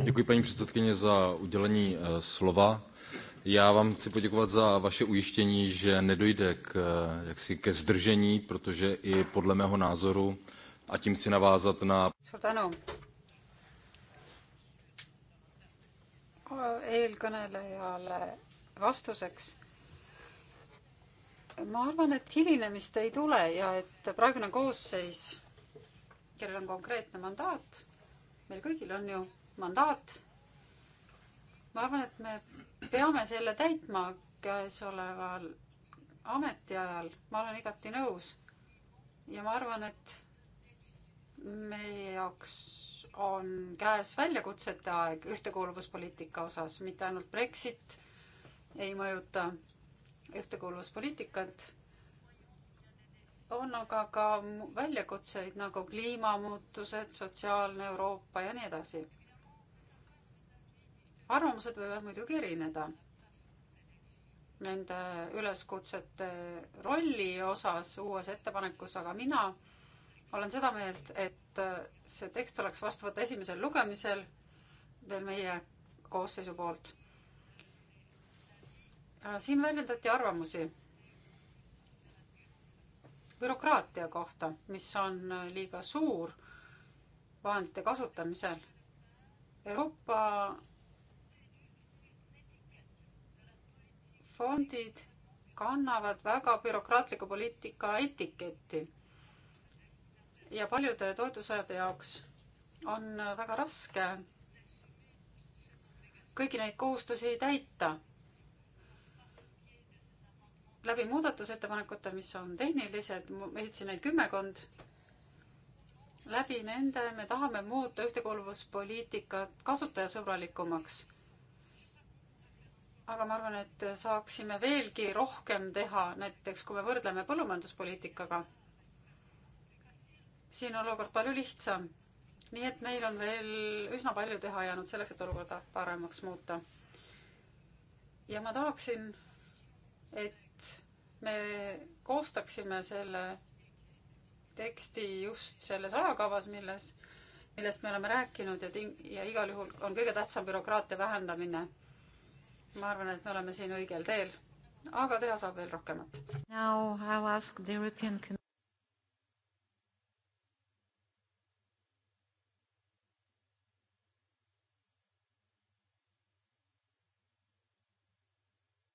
Děkuji paní předsedkyně za udělení eh, slova. Já vám chci poděkovat za vaše ujištění, že nedojde k, eh, jaksi ke zdržení, protože i podle mého názoru, a tím chci navázat na... Suur tänu. Eelkõnelejale vastuseks ma arvan, et hilinemist ei tule ja et praegune koosseis, kellel on konkreetne mandaat, meil kõigil on ju mandaat. ma arvan, et me peame selle täitma käesoleval ametiajal, ma olen igati nõus. ja ma arvan, et meie jaoks on käes väljakutsete aeg ühtekuuluvuspoliitika osas, mitte ainult Brexit ei mõjuta ühtekuuluvuspoliitikat, on aga ka väljakutseid nagu kliimamuutused, sotsiaalne Euroopa ja nii edasi arvamused võivad muidugi erineda nende üleskutsete rolli osas uues ettepanekus, aga mina olen seda meelt, et see tekst tuleks vastu võtta esimesel lugemisel veel meie koosseisu poolt. siin väljendati arvamusi bürokraatia kohta, mis on liiga suur vahendite kasutamisel. Euroopa fondid kannavad väga bürokraatliku poliitika etiketti. ja paljude toetusajade jaoks on väga raske kõiki neid kohustusi täita. läbi muudatusettepanekute, mis on tehnilised, ma esitasin neid kümmekond, läbi nende me tahame muuta ühtekuuluvuspoliitikat kasutajasõbralikumaks aga ma arvan, et saaksime veelgi rohkem teha, näiteks kui me võrdleme põllumajanduspoliitikaga. siin on olukord palju lihtsam. nii et meil on veel üsna palju teha jäänud selleks, et olukorda paremaks muuta. ja ma tahaksin, et me koostaksime selle teksti just selles ajakavas, milles, millest me oleme rääkinud ja ting-, ja igal juhul on kõige tähtsam bürokraatia vähendamine ma arvan, et me oleme siin õigel teel, aga teha saab veel rohkemat. Now I will ask the European Commission.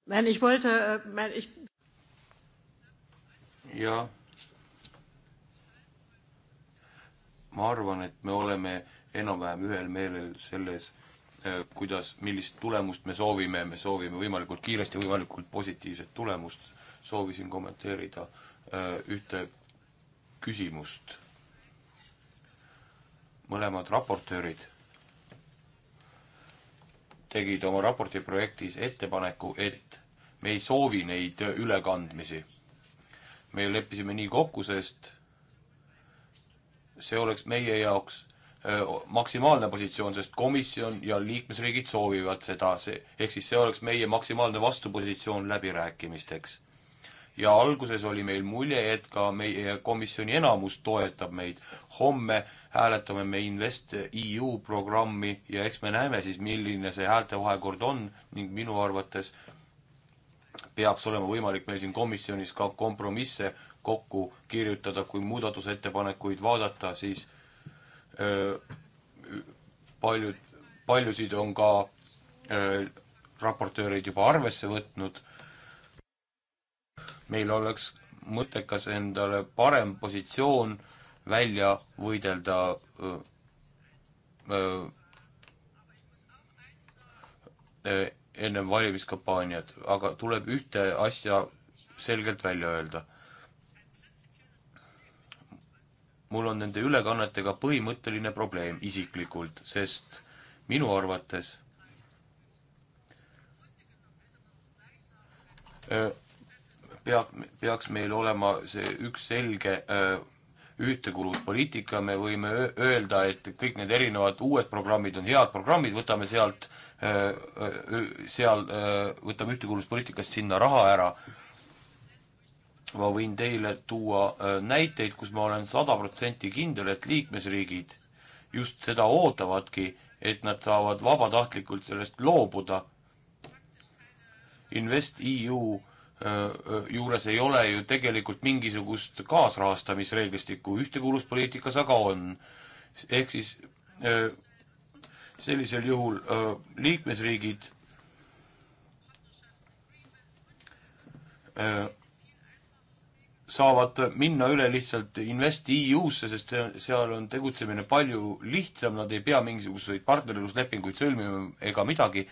Nein, ich wollte, äh, mein, ich. Ja. ma arvan, et me oleme enam-vähem ühel meelel selles, Äh, kuidas, millist tulemust me soovime, me soovime võimalikult kiiresti, võimalikult positiivset tulemust, soovisin kommenteerida äh, ühte küsimust. mõlemad raportöörid tegid oma raporti projektis ettepaneku, et me ei soovi neid ülekandmisi. me leppisime nii kokku, sest see oleks meie jaoks maksimaalne positsioon, sest komisjon ja liikmesriigid soovivad seda, see, ehk siis see oleks meie maksimaalne vastupositsioon läbirääkimisteks. ja alguses oli meil mulje, et ka meie komisjoni enamus toetab meid. homme hääletame me InvestEU programmi ja eks me näeme siis, milline see häälte vahekord on ning minu arvates peaks olema võimalik meil siin komisjonis ka kompromisse kokku kirjutada, kui muudatusettepanekuid vaadata, siis paljud, paljusid on ka raportöörid juba arvesse võtnud. meil oleks mõttekas endale parem positsioon välja võidelda öö, öö, ennem valimiskampaaniat, aga tuleb ühte asja selgelt välja öelda mul on nende ülekannetega põhimõtteline probleem isiklikult, sest minu arvates peab, peaks meil olema see üks selge ühtekuuluvuspoliitika, me võime öelda, et kõik need erinevad uued programmid on head programmid, võtame sealt, seal, võtame ühtekuuluvuspoliitikast sinna raha ära, ma võin teile tuua äh, näiteid, kus ma olen sada protsenti kindel, et liikmesriigid just seda ootavadki, et nad saavad vabatahtlikult sellest loobuda. InvestEU äh, äh, juures ei ole ju tegelikult mingisugust kaasrahastamisreeglistikku, ühtekuuluvuspoliitikas aga on. ehk siis sellisel juhul liikmesriigid saavad minna üle lihtsalt InvestEU-sse, sest see, seal on tegutsemine palju lihtsam, nad ei pea mingisuguseid partnerluslepinguid sõlmima ega midagi.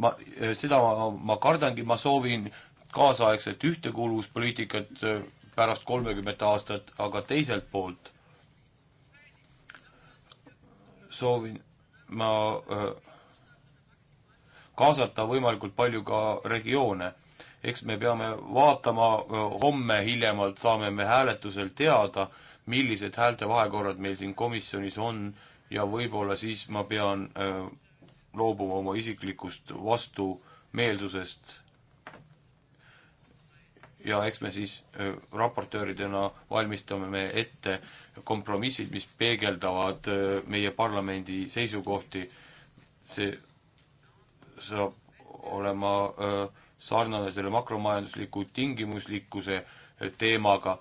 ma, seda ma, ma kardangi, ma soovin kaasaegset ühtekuuluvuspoliitikat äh, pärast kolmekümmet aastat, aga teiselt poolt soovin ma äh, kaasata võimalikult palju ka regioone eks me peame vaatama, homme hiljemalt saame me hääletusel teada, millised häälte vahekorrad meil siin komisjonis on ja võib-olla siis ma pean loobuma oma isiklikust vastumeelsusest. ja eks me siis raportööridena valmistame me ette kompromissid, mis peegeldavad meie parlamendi seisukohti. see saab olema öö, sarnane selle makromajandusliku tingimuslikkuse eh, teemaga,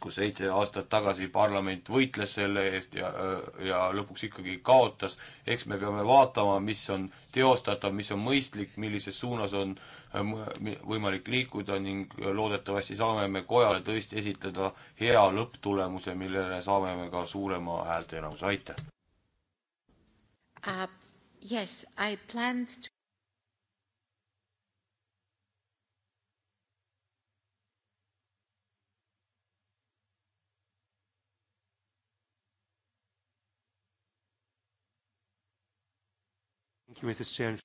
kus seitse aastat tagasi parlament võitles selle eest ja, eh, ja lõpuks ikkagi kaotas, eks me peame vaatama, mis on teostatav, mis on mõistlik, millises suunas on eh, võimalik liikuda ning loodetavasti saame me kojale tõesti esitleda hea lõpptulemuse, millele saame me ka suurema häälteenamuse, aitäh! Uh, yes, I planned to Thank you, Mrs Chair.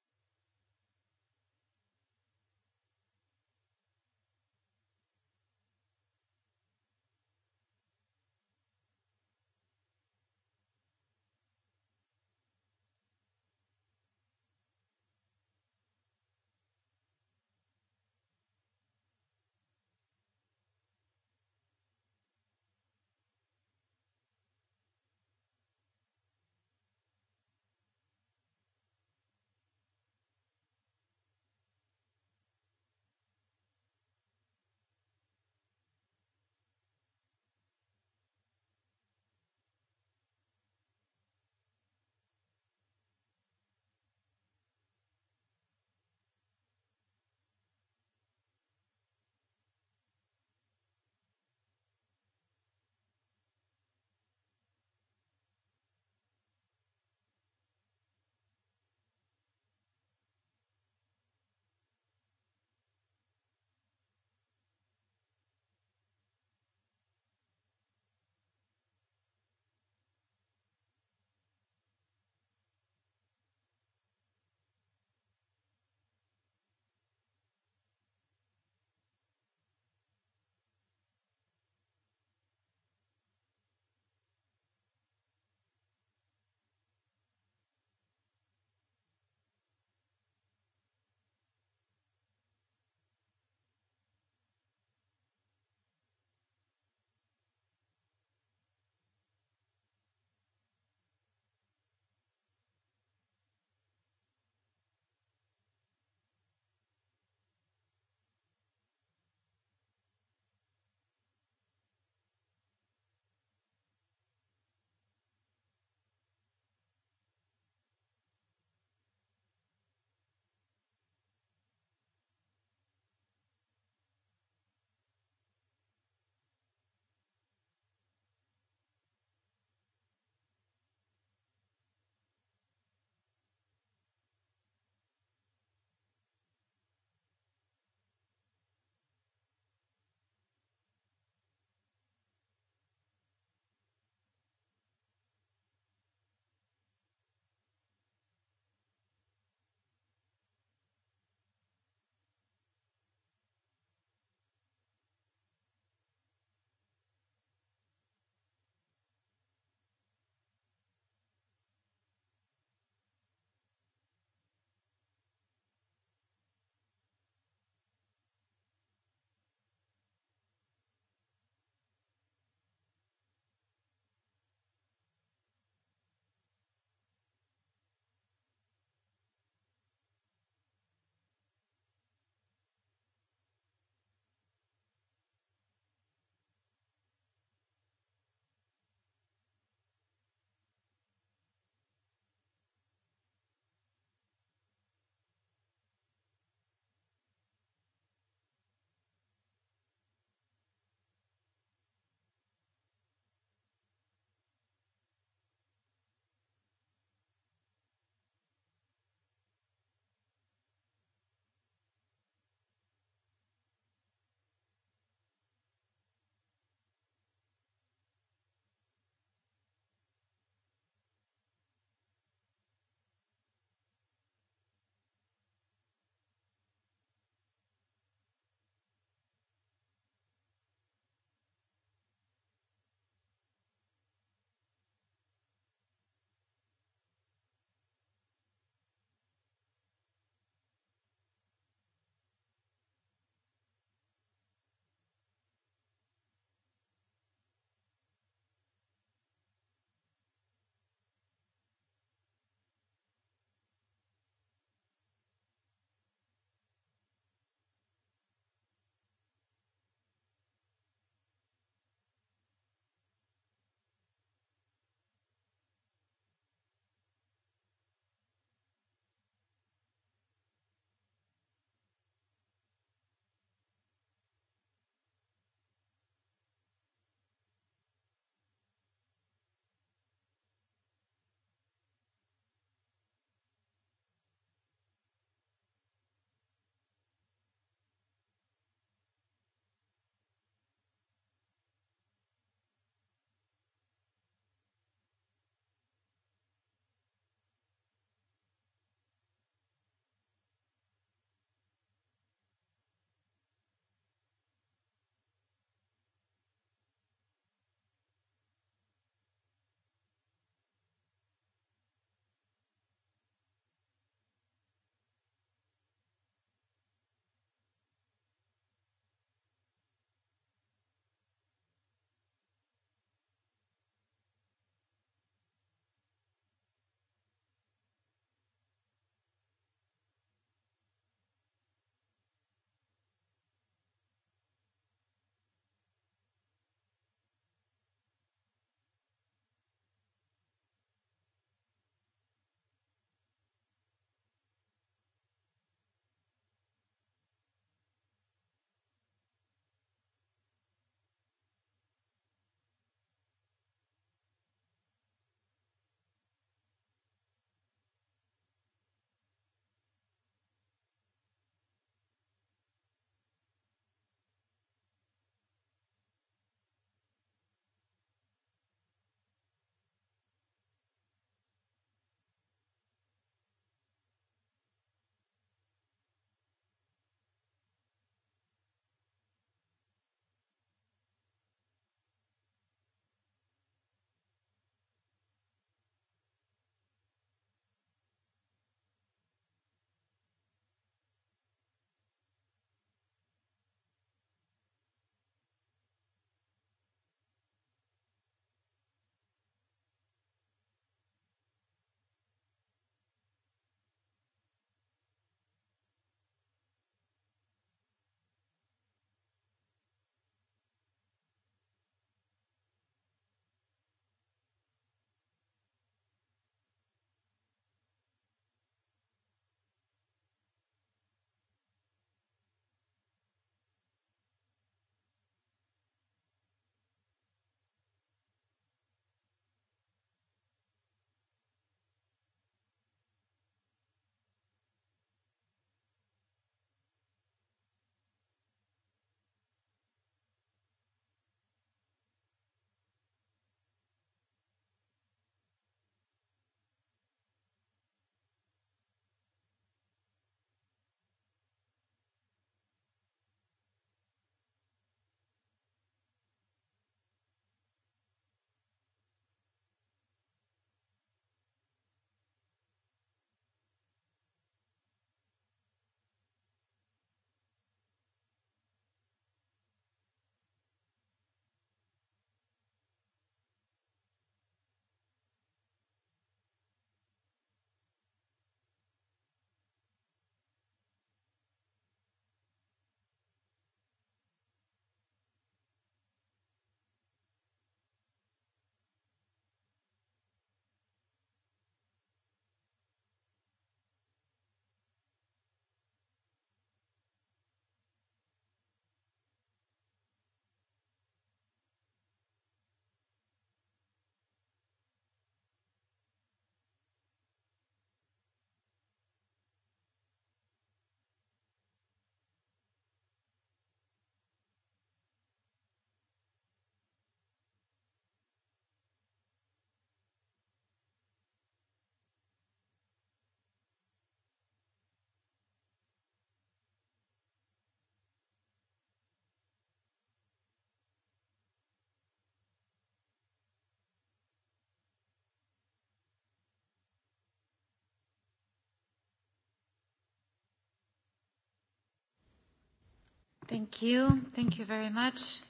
Thank you, thank you very much.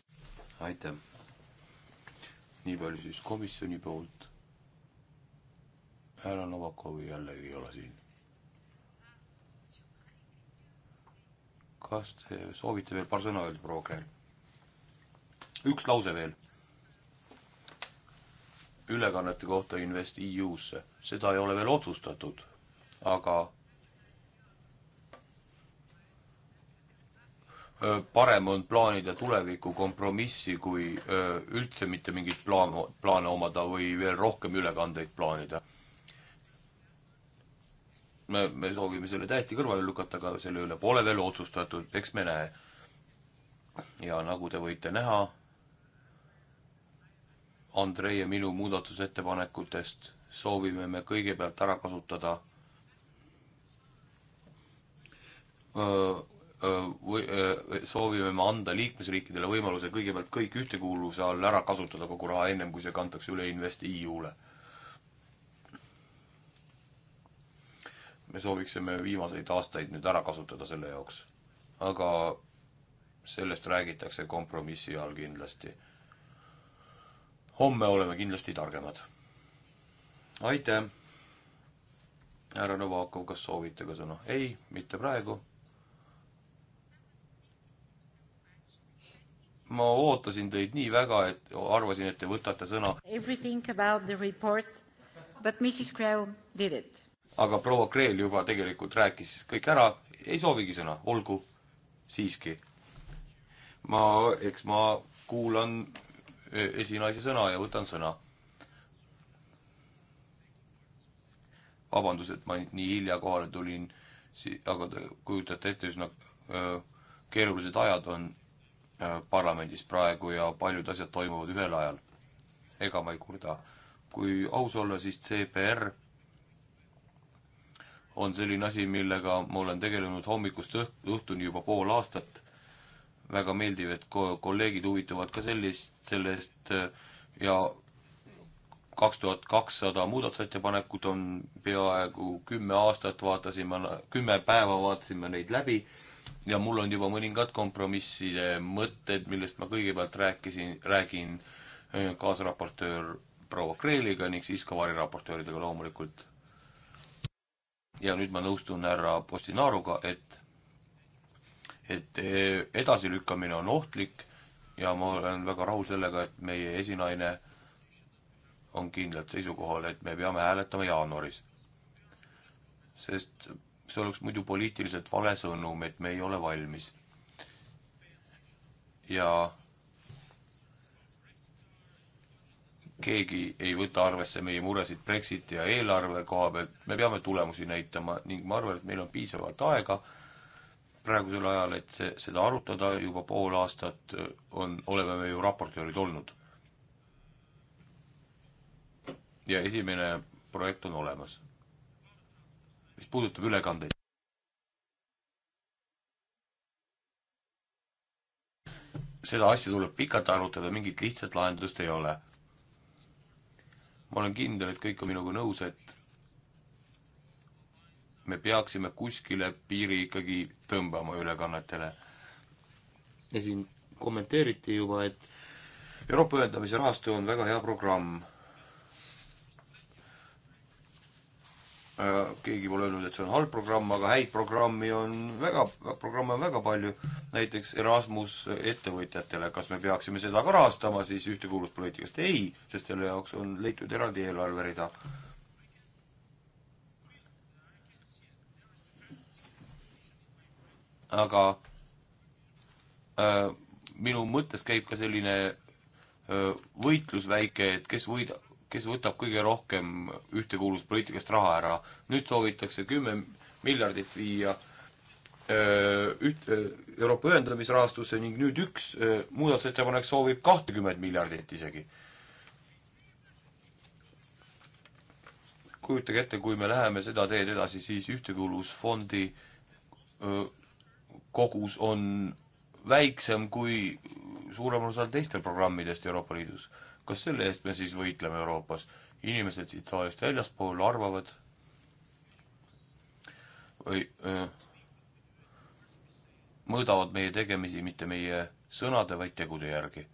aitäh. nii palju siis komisjoni poolt. härra Novakovi jällegi ei ole siin. kas te soovite veel paar sõna öelda, proua Kreel? üks lause veel. ülekannete kohta InvestEU-sse, seda ei ole veel otsustatud, aga parem on plaanida tuleviku kompromissi, kui üldse mitte mingit plaan, plaane omada või veel rohkem ülekandeid plaanida. me, me soovime selle täiesti kõrvale lükata, aga selle üle pole veel otsustatud, eks me näe. ja nagu te võite näha, Andrei ja minu muudatusettepanekutest soovime me kõigepealt ära kasutada öö, või soovime me anda liikmesriikidele võimaluse kõigepealt kõik ühtekuuluvuse all ära kasutada kogu raha, ennem kui see kantakse üle InvestEU-le. me sooviksime viimaseid aastaid nüüd ära kasutada selle jaoks. aga sellest räägitakse kompromissi all kindlasti. homme oleme kindlasti targemad. aitäh! härra Novakov, kas soovite ka sõna? ei, mitte praegu ma ootasin teid nii väga, et arvasin, et te võtate sõna. Everything about the report, but Mrs Krell did it. aga proua Krell juba tegelikult rääkis kõik ära, ei soovigi sõna, olgu, siiski. ma, eks ma kuulan e, esinaise sõna ja võtan sõna. vabandust, et ma nii hilja kohale tulin, aga te kujutate ette, üsna öö, e, keerulised ajad on Äh, parlamendis praegu ja paljud asjad toimuvad ühel ajal. ega ma ei kurda. kui aus olla, siis CPR on selline asi, millega ma olen tegelenud hommikust õht-, õhtuni juba pool aastat. väga meeldiv, et ko-, kolleegid huvituvad ka sellist, sellest äh, ja kaks tuhat kakssada muudatusettepanekut on peaaegu kümme aastat, vaatasime, kümme päeva vaatasime neid läbi ja mul on juba mõningad kompromisside mõtted, millest ma kõigepealt rääkisin, räägin äh, kaasraportöör proua Kreeliga ning siis ka variraportööridega loomulikult. ja nüüd ma nõustun härra Postinaaruga, et et äh, edasilükkamine on ohtlik ja ma olen väga rahul sellega, et meie esinaine on kindlalt seisukohal, et me peame hääletama jaanuaris. sest see oleks muidu poliitiliselt vale sõnum, et me ei ole valmis. ja keegi ei võta arvesse meie muresid Brexiti ja eelarve koha pealt, me peame tulemusi näitama ning ma arvan, et meil on piisavalt aega praegusel ajal, et see, seda arutada, juba pool aastat äh, on, oleme me ju raportöörid olnud. ja esimene projekt on olemas mis puudutab ülekandeid. seda asja tuleb pikalt arutada, mingit lihtsat lahendust ei ole. ma olen kindel, et kõik on minuga nõus, et me peaksime kuskile piiri ikkagi tõmbama ülekannetele. ja siin kommenteeriti juba, et Euroopa ühendamise rahastu on väga hea programm Äh, keegi pole öelnud, et see on halb programm, aga häid programmi on väga, programme on väga palju, näiteks Erasmus ettevõtjatele, kas me peaksime seda ka rahastama siis ühtekuuluvuspoliitikast? ei, sest selle jaoks on leitud eraldi eelarverida. aga äh, minu mõttes käib ka selline äh, võitlus väike, et kes võida-, kes võtab kõige rohkem ühtekuuluvuspoliitikast raha ära. nüüd soovitakse kümme miljardit viia üht-, Euroopa ühendamisrahastusse ning nüüd üks muudatusettepanek soovib kahtekümmet miljardit isegi. kujutage ette, kui me läheme seda teed edasi, siis ühtekuuluvusfondi kogus on väiksem kui suuremal osal teistel programmidest Euroopa Liidus kas selle eest me siis võitleme Euroopas? inimesed siit saalist väljaspool arvavad või öö, mõõdavad meie tegemisi mitte meie sõnade, vaid tegude järgi.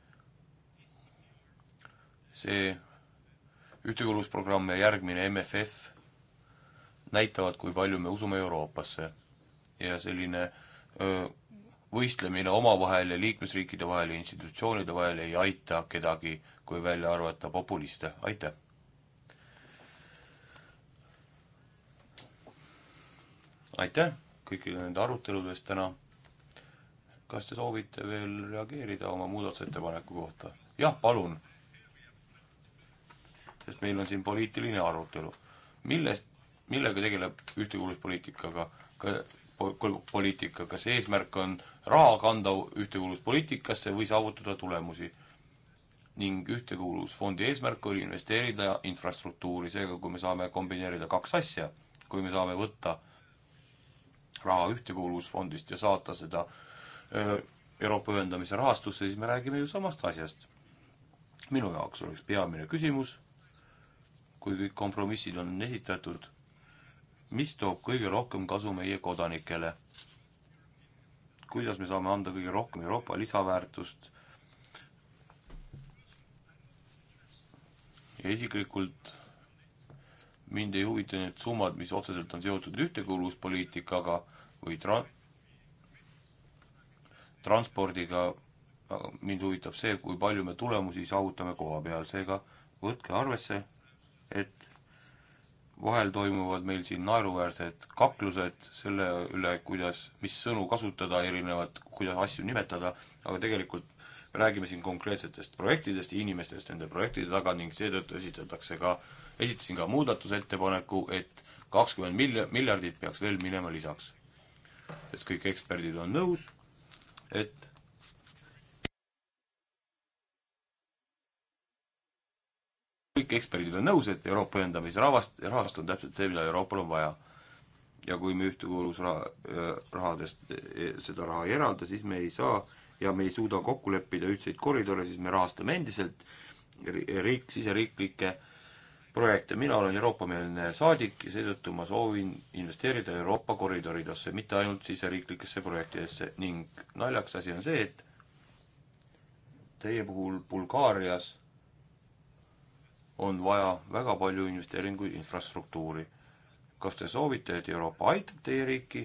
see ühtekuuluvusprogramm ja järgmine MFF näitavad, kui palju me usume Euroopasse ja selline öö, võistlemine omavahel ja liikmesriikide vahel ja institutsioonide vahel ei aita kedagi, kui välja arvata populiste, aitäh! aitäh kõikide nende arutelude eest täna. kas te soovite veel reageerida oma muudatusettepaneku kohta? jah, palun. sest meil on siin poliitiline arutelu. millest, millega tegeleb ühtekuuluvuspoliitikaga? ka ühtekuuluvuspoliitika, kas eesmärk on raha kanda ühtekuuluvuspoliitikasse või saavutada tulemusi? ning ühtekuuluvusfondi eesmärk oli investeerida infrastruktuuri, seega kui me saame kombineerida kaks asja, kui me saame võtta raha ühtekuuluvusfondist ja saata seda Euroopa ühendamise rahastusse, siis me räägime ju samast asjast. minu jaoks oleks peamine küsimus, kui kõik kompromissid on esitatud mis toob kõige rohkem kasu meie kodanikele. kuidas me saame anda kõige rohkem Euroopa lisaväärtust. ja isiklikult mind ei huvita need summad, mis otseselt on seotud ühtekuuluvuspoliitikaga või tra-, transpordiga, mind huvitab see, kui palju me tulemusi saavutame koha peal, seega võtke arvesse, et vahel toimuvad meil siin naeruväärsed kaklused selle üle, kuidas, mis sõnu kasutada erinevat, kuidas asju nimetada, aga tegelikult me räägime siin konkreetsetest projektidest ja inimestest nende projektide taga ning seetõttu esitatakse ka, esitasin ka muudatusettepaneku, et kakskümmend mil-, miljardit peaks veel minema lisaks. sest kõik eksperdid on nõus, et kõik eksperdid on nõus, et Euroopa ühendamise rahvast, rahast on täpselt see, mida Euroopal on vaja. ja kui me ühtekuuluvusraha, rahadest e, e, seda raha ei eralda, siis me ei saa ja me ei suuda kokku leppida ühtseid koridore, siis me rahastame endiselt riik, siseriiklikke projekte, mina olen Euroopa-meelne saadik ja seetõttu ma soovin investeerida Euroopa koridoridesse, mitte ainult siseriiklikesse projektidesse ning naljakas asi on see, et teie puhul Bulgaarias on vaja väga palju investeeringuid infrastruktuuri. kas te soovite, et Euroopa aitab teie riiki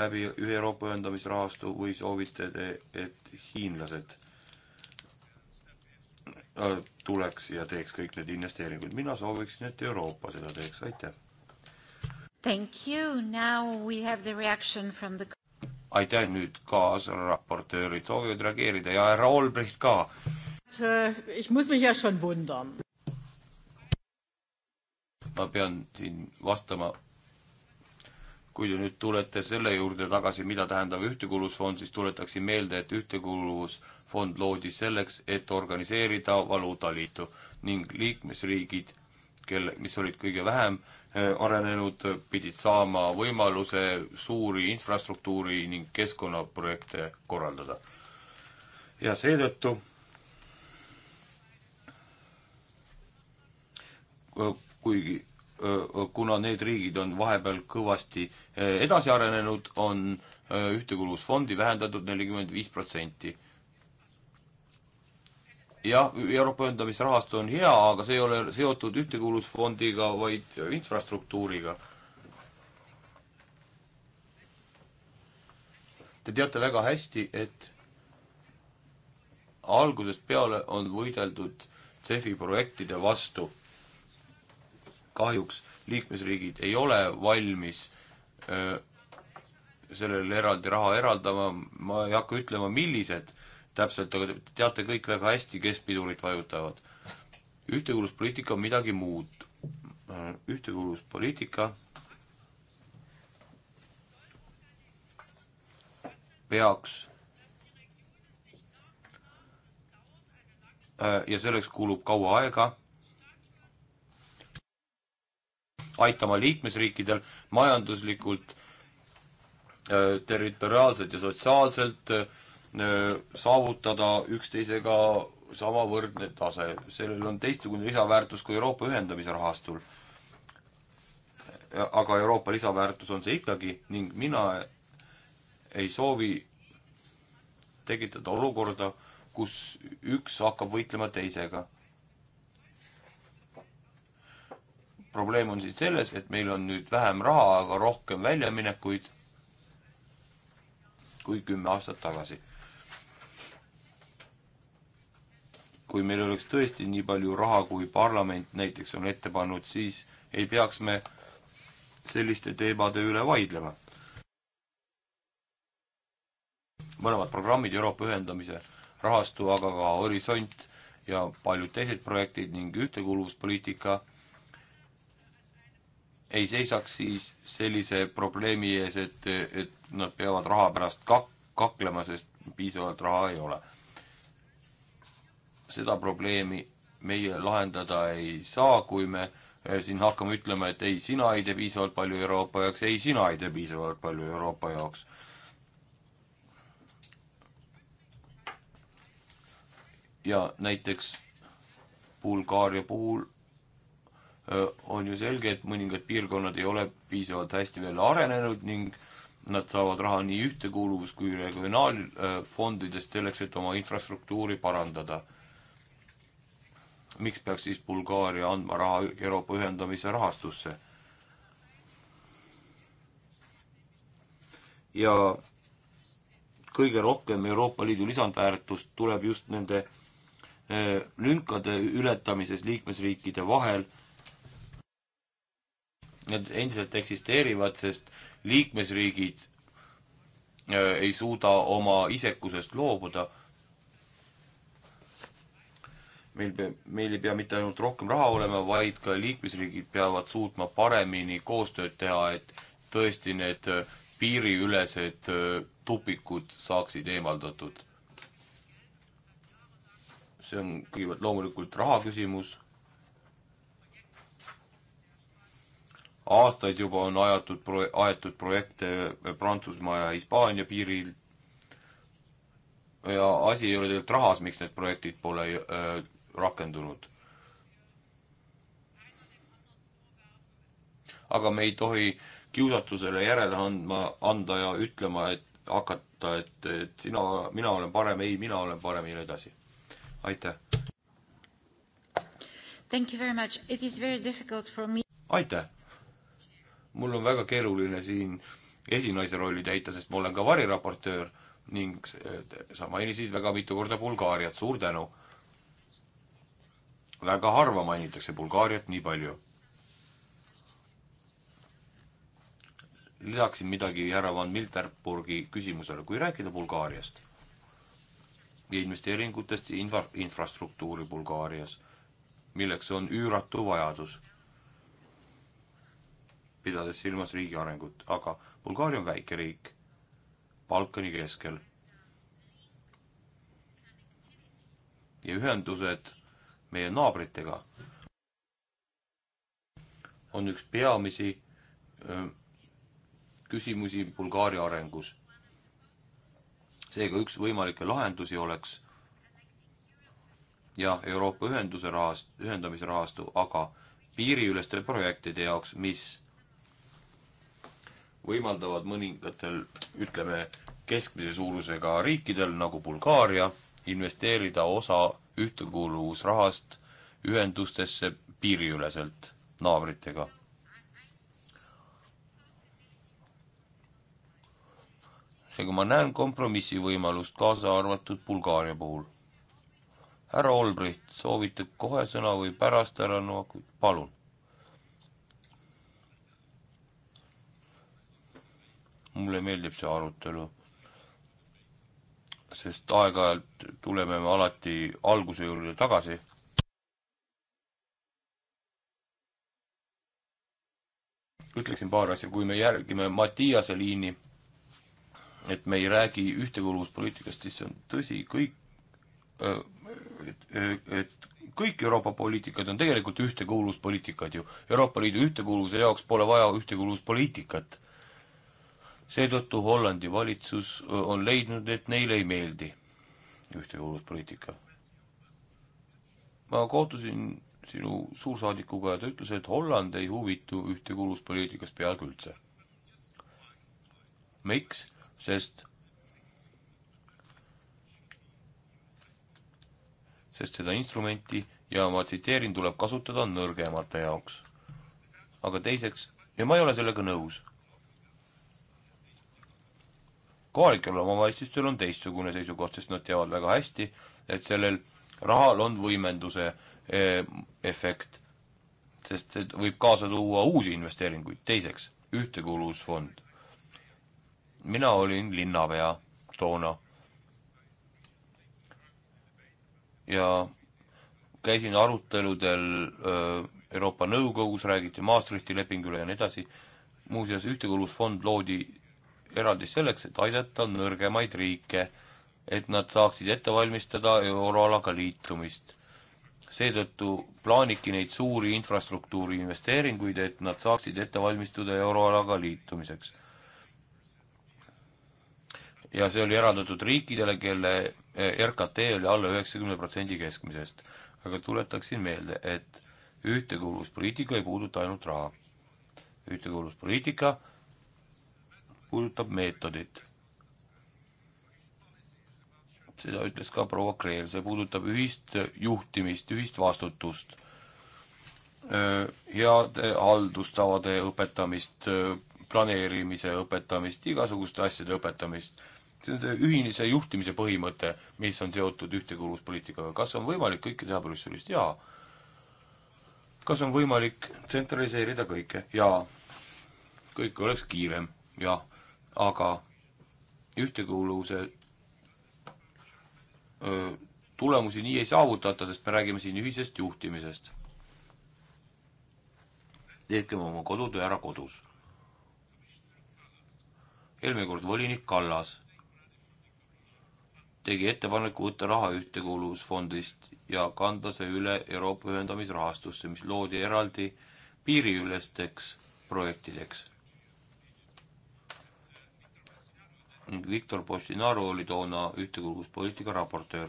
läbi ühe Euroopa ühendamisrahastu või soovite te, et hiinlased äh, tuleks ja teeks kõik need investeeringud, mina sooviksin, et Euroopa seda teeks, aitäh. Thank you, now we have the reaction from the aitäh, nüüd kaasraportöörid soovivad reageerida ja härra Olbricht ka. Äh, ich muss mich ja schon wundern ma pean siin vastama, kui te nüüd tulete selle juurde tagasi, mida tähendab ühtekuuluvusfond, siis tuletaksin meelde, et ühtekuuluvusfond loodi selleks, et organiseerida valuutaliitu ning liikmesriigid, kelle, mis olid kõige vähem eh, arenenud, pidid saama võimaluse suuri infrastruktuuri ning keskkonnaprojekte korraldada. ja seetõttu kuigi kuna need riigid on vahepeal kõvasti edasi arenenud, on ühtekuuluvusfondi vähendatud nelikümmend viis protsenti. jah, Euroopa ühendamisrahastu on hea, aga see ei ole seotud ühtekuuluvusfondiga, vaid infrastruktuuriga. Te teate väga hästi, et algusest peale on võideldud CEF-i projektide vastu kahjuks liikmesriigid ei ole valmis öö, sellele eraldi raha eraldama, ma ei hakka ütlema, millised täpselt, aga te teate kõik väga hästi, kes pidurit vajutavad. ühtekuuluvuspoliitika on midagi muud. ühtekuuluvuspoliitika peaks ja selleks kulub kaua aega aitama liikmesriikidel majanduslikult, äh, territoriaalselt ja sotsiaalselt äh, saavutada üksteisega samavõrdne tase. sellel on teistsugune lisaväärtus kui Euroopa ühendamise rahastul. aga Euroopa lisaväärtus on see ikkagi ning mina ei soovi tekitada olukorda, kus üks hakkab võitlema teisega probleem on siin selles, et meil on nüüd vähem raha, aga rohkem väljaminekuid kui kümme aastat tagasi. kui meil oleks tõesti nii palju raha, kui parlament näiteks on ette pannud, siis ei peaks me selliste teemade üle vaidlema. mõlemad programmid, Euroopa ühendamise rahastu, aga ka Horisont ja paljud teised projektid ning ühtekuuluvuspoliitika ei seisaks siis sellise probleemi ees, et, et nad peavad raha pärast kak-, kaklema, sest piisavalt raha ei ole. seda probleemi meie lahendada ei saa, kui me eh, siin hakkame ütlema, et ei, sina ei tee piisavalt palju Euroopa jaoks, ei, sina ei tee piisavalt palju Euroopa jaoks. ja näiteks Bulgaaria puhul Äh, on ju selge, et mõningad piirkonnad ei ole piisavalt hästi veel arenenud ning nad saavad raha nii ühtekuuluvus- kui regionaalfondidest selleks, et oma infrastruktuuri parandada. miks peaks siis Bulgaaria andma raha Euroopa ühendamise rahastusse? ja kõige rohkem Euroopa Liidu lisandväärtust tuleb just nende äh, lünkade ületamises liikmesriikide vahel need endiselt eksisteerivad, sest liikmesriigid äh, ei suuda oma isekusest loobuda. meil, meil ei pea mitte ainult rohkem raha olema, vaid ka liikmesriigid peavad suutma paremini koostööd teha, et tõesti need äh, piiriülesed äh, tupikud saaksid eemaldatud. see on kõigepealt loomulikult raha küsimus aastaid juba on ajatud pro-, aetud projekte Prantsusmaa ja Hispaania piiril ja asi ei ole tegelikult rahas, miks need projektid pole äh, rakendunud. aga me ei tohi kiusatusele järele andma, anda ja ütlema, et hakata, et, et sina, mina olen parem, ei, mina olen parem ja nii edasi. aitäh! aitäh! mul on väga keeruline siin esinaise rolli täita, sest ma olen ka variraportöör ning äh, sa mainisid väga mitu korda Bulgaariat, suur tänu. väga harva mainitakse Bulgaariat nii palju. lisaksin midagi härra Van Milterburgi küsimusele, kui rääkida Bulgaariast ja investeeringutest infra, infrastruktuuri Bulgaarias, milleks on üüratu vajadus pidades silmas riigi arengut, aga Bulgaaria on väike riik Balkani keskel. ja ühendused meie naabritega on üks peamisi öö, küsimusi Bulgaaria arengus. seega üks võimalikke lahendusi oleks jah, Euroopa ühenduse rahast, ühendamise rahastu, aga piiriüleste projektide jaoks, mis võimaldavad mõningatel, ütleme, keskmise suurusega riikidel, nagu Bulgaaria, investeerida osa ühtekuuluvusrahast ühendustesse piiriüleselt naabritega. seega ma näen kompromissi võimalust, kaasa arvatud Bulgaaria puhul. härra Olbricht, soovite kohe sõna või pärast, härra Novak, palun mulle meeldib see arutelu, sest aeg-ajalt tuleme me alati alguse juurde tagasi ütleksin paar asja, kui me järgime Mattiase liini, et me ei räägi ühtekuuluvuspoliitikast, siis see on tõsi, kõik, et, et kõik Euroopa poliitikad on tegelikult ühtekuuluvuspoliitikad ju. Euroopa Liidu ühtekuuluvuse jaoks pole vaja ühtekuuluvuspoliitikat seetõttu Hollandi valitsus on leidnud, et neile ei meeldi ühtekuuluvuspoliitika. ma kohtusin sinu suursaadikuga ja ta ütles, et Holland ei huvitu ühtekuuluvuspoliitikast peaaegu üldse. miks? sest sest seda instrumenti ja ma tsiteerin, tuleb kasutada nõrgemate jaoks. aga teiseks, ja ma ei ole sellega nõus, kohalikel omavalitsustel on teistsugune seisukoht, sest nad teavad väga hästi, et sellel rahal on võimenduse eh, efekt, sest see võib kaasa tuua uusi investeeringuid, teiseks, ühtekuuluvusfond. mina olin linnapea toona ja käisin aruteludel eh, Euroopa Nõukogus, räägiti Maastrichti lepingule ja nii edasi, muuseas Ühtekuuluvusfond loodi eraldis selleks, et aidata nõrgemaid riike, et nad saaksid ette valmistada euroalaga liitumist. seetõttu plaanibki neid suuri infrastruktuuri investeeringuid, et nad saaksid ette valmistuda euroalaga liitumiseks. ja see oli eraldatud riikidele, kelle e, RKT oli alla üheksakümne protsendi keskmisest. aga tuletaksin meelde, et ühtekuuluvuspoliitika ei puuduta ainult raha. ühtekuuluvuspoliitika puudutab meetodit. seda ütles ka proua Kreel, see puudutab ühist juhtimist, ühist vastutust, heade haldustavade õpetamist, planeerimise õpetamist, igasuguste asjade õpetamist. see on see ühinise juhtimise põhimõte, mis on seotud ühtekuuluvuspoliitikaga. kas on võimalik kõike teha Brüsselist? jaa. kas on võimalik tsentraliseerida kõike? jaa. kõik oleks kiirem, jah aga ühtekuuluvuse tulemusi nii ei saavutata, sest me räägime siin ühisest juhtimisest. tehkem oma kodutöö ära kodus. eelmine kord volinik Kallas tegi ettepaneku võtta raha ühtekuuluvusfondist ja kanda see üle Euroopa ühendamisrahastusse, mis loodi eraldi piiriülesteks projektideks. ning Viktor Postinaru oli toona ühtekuuluvuspoliitika raportöör.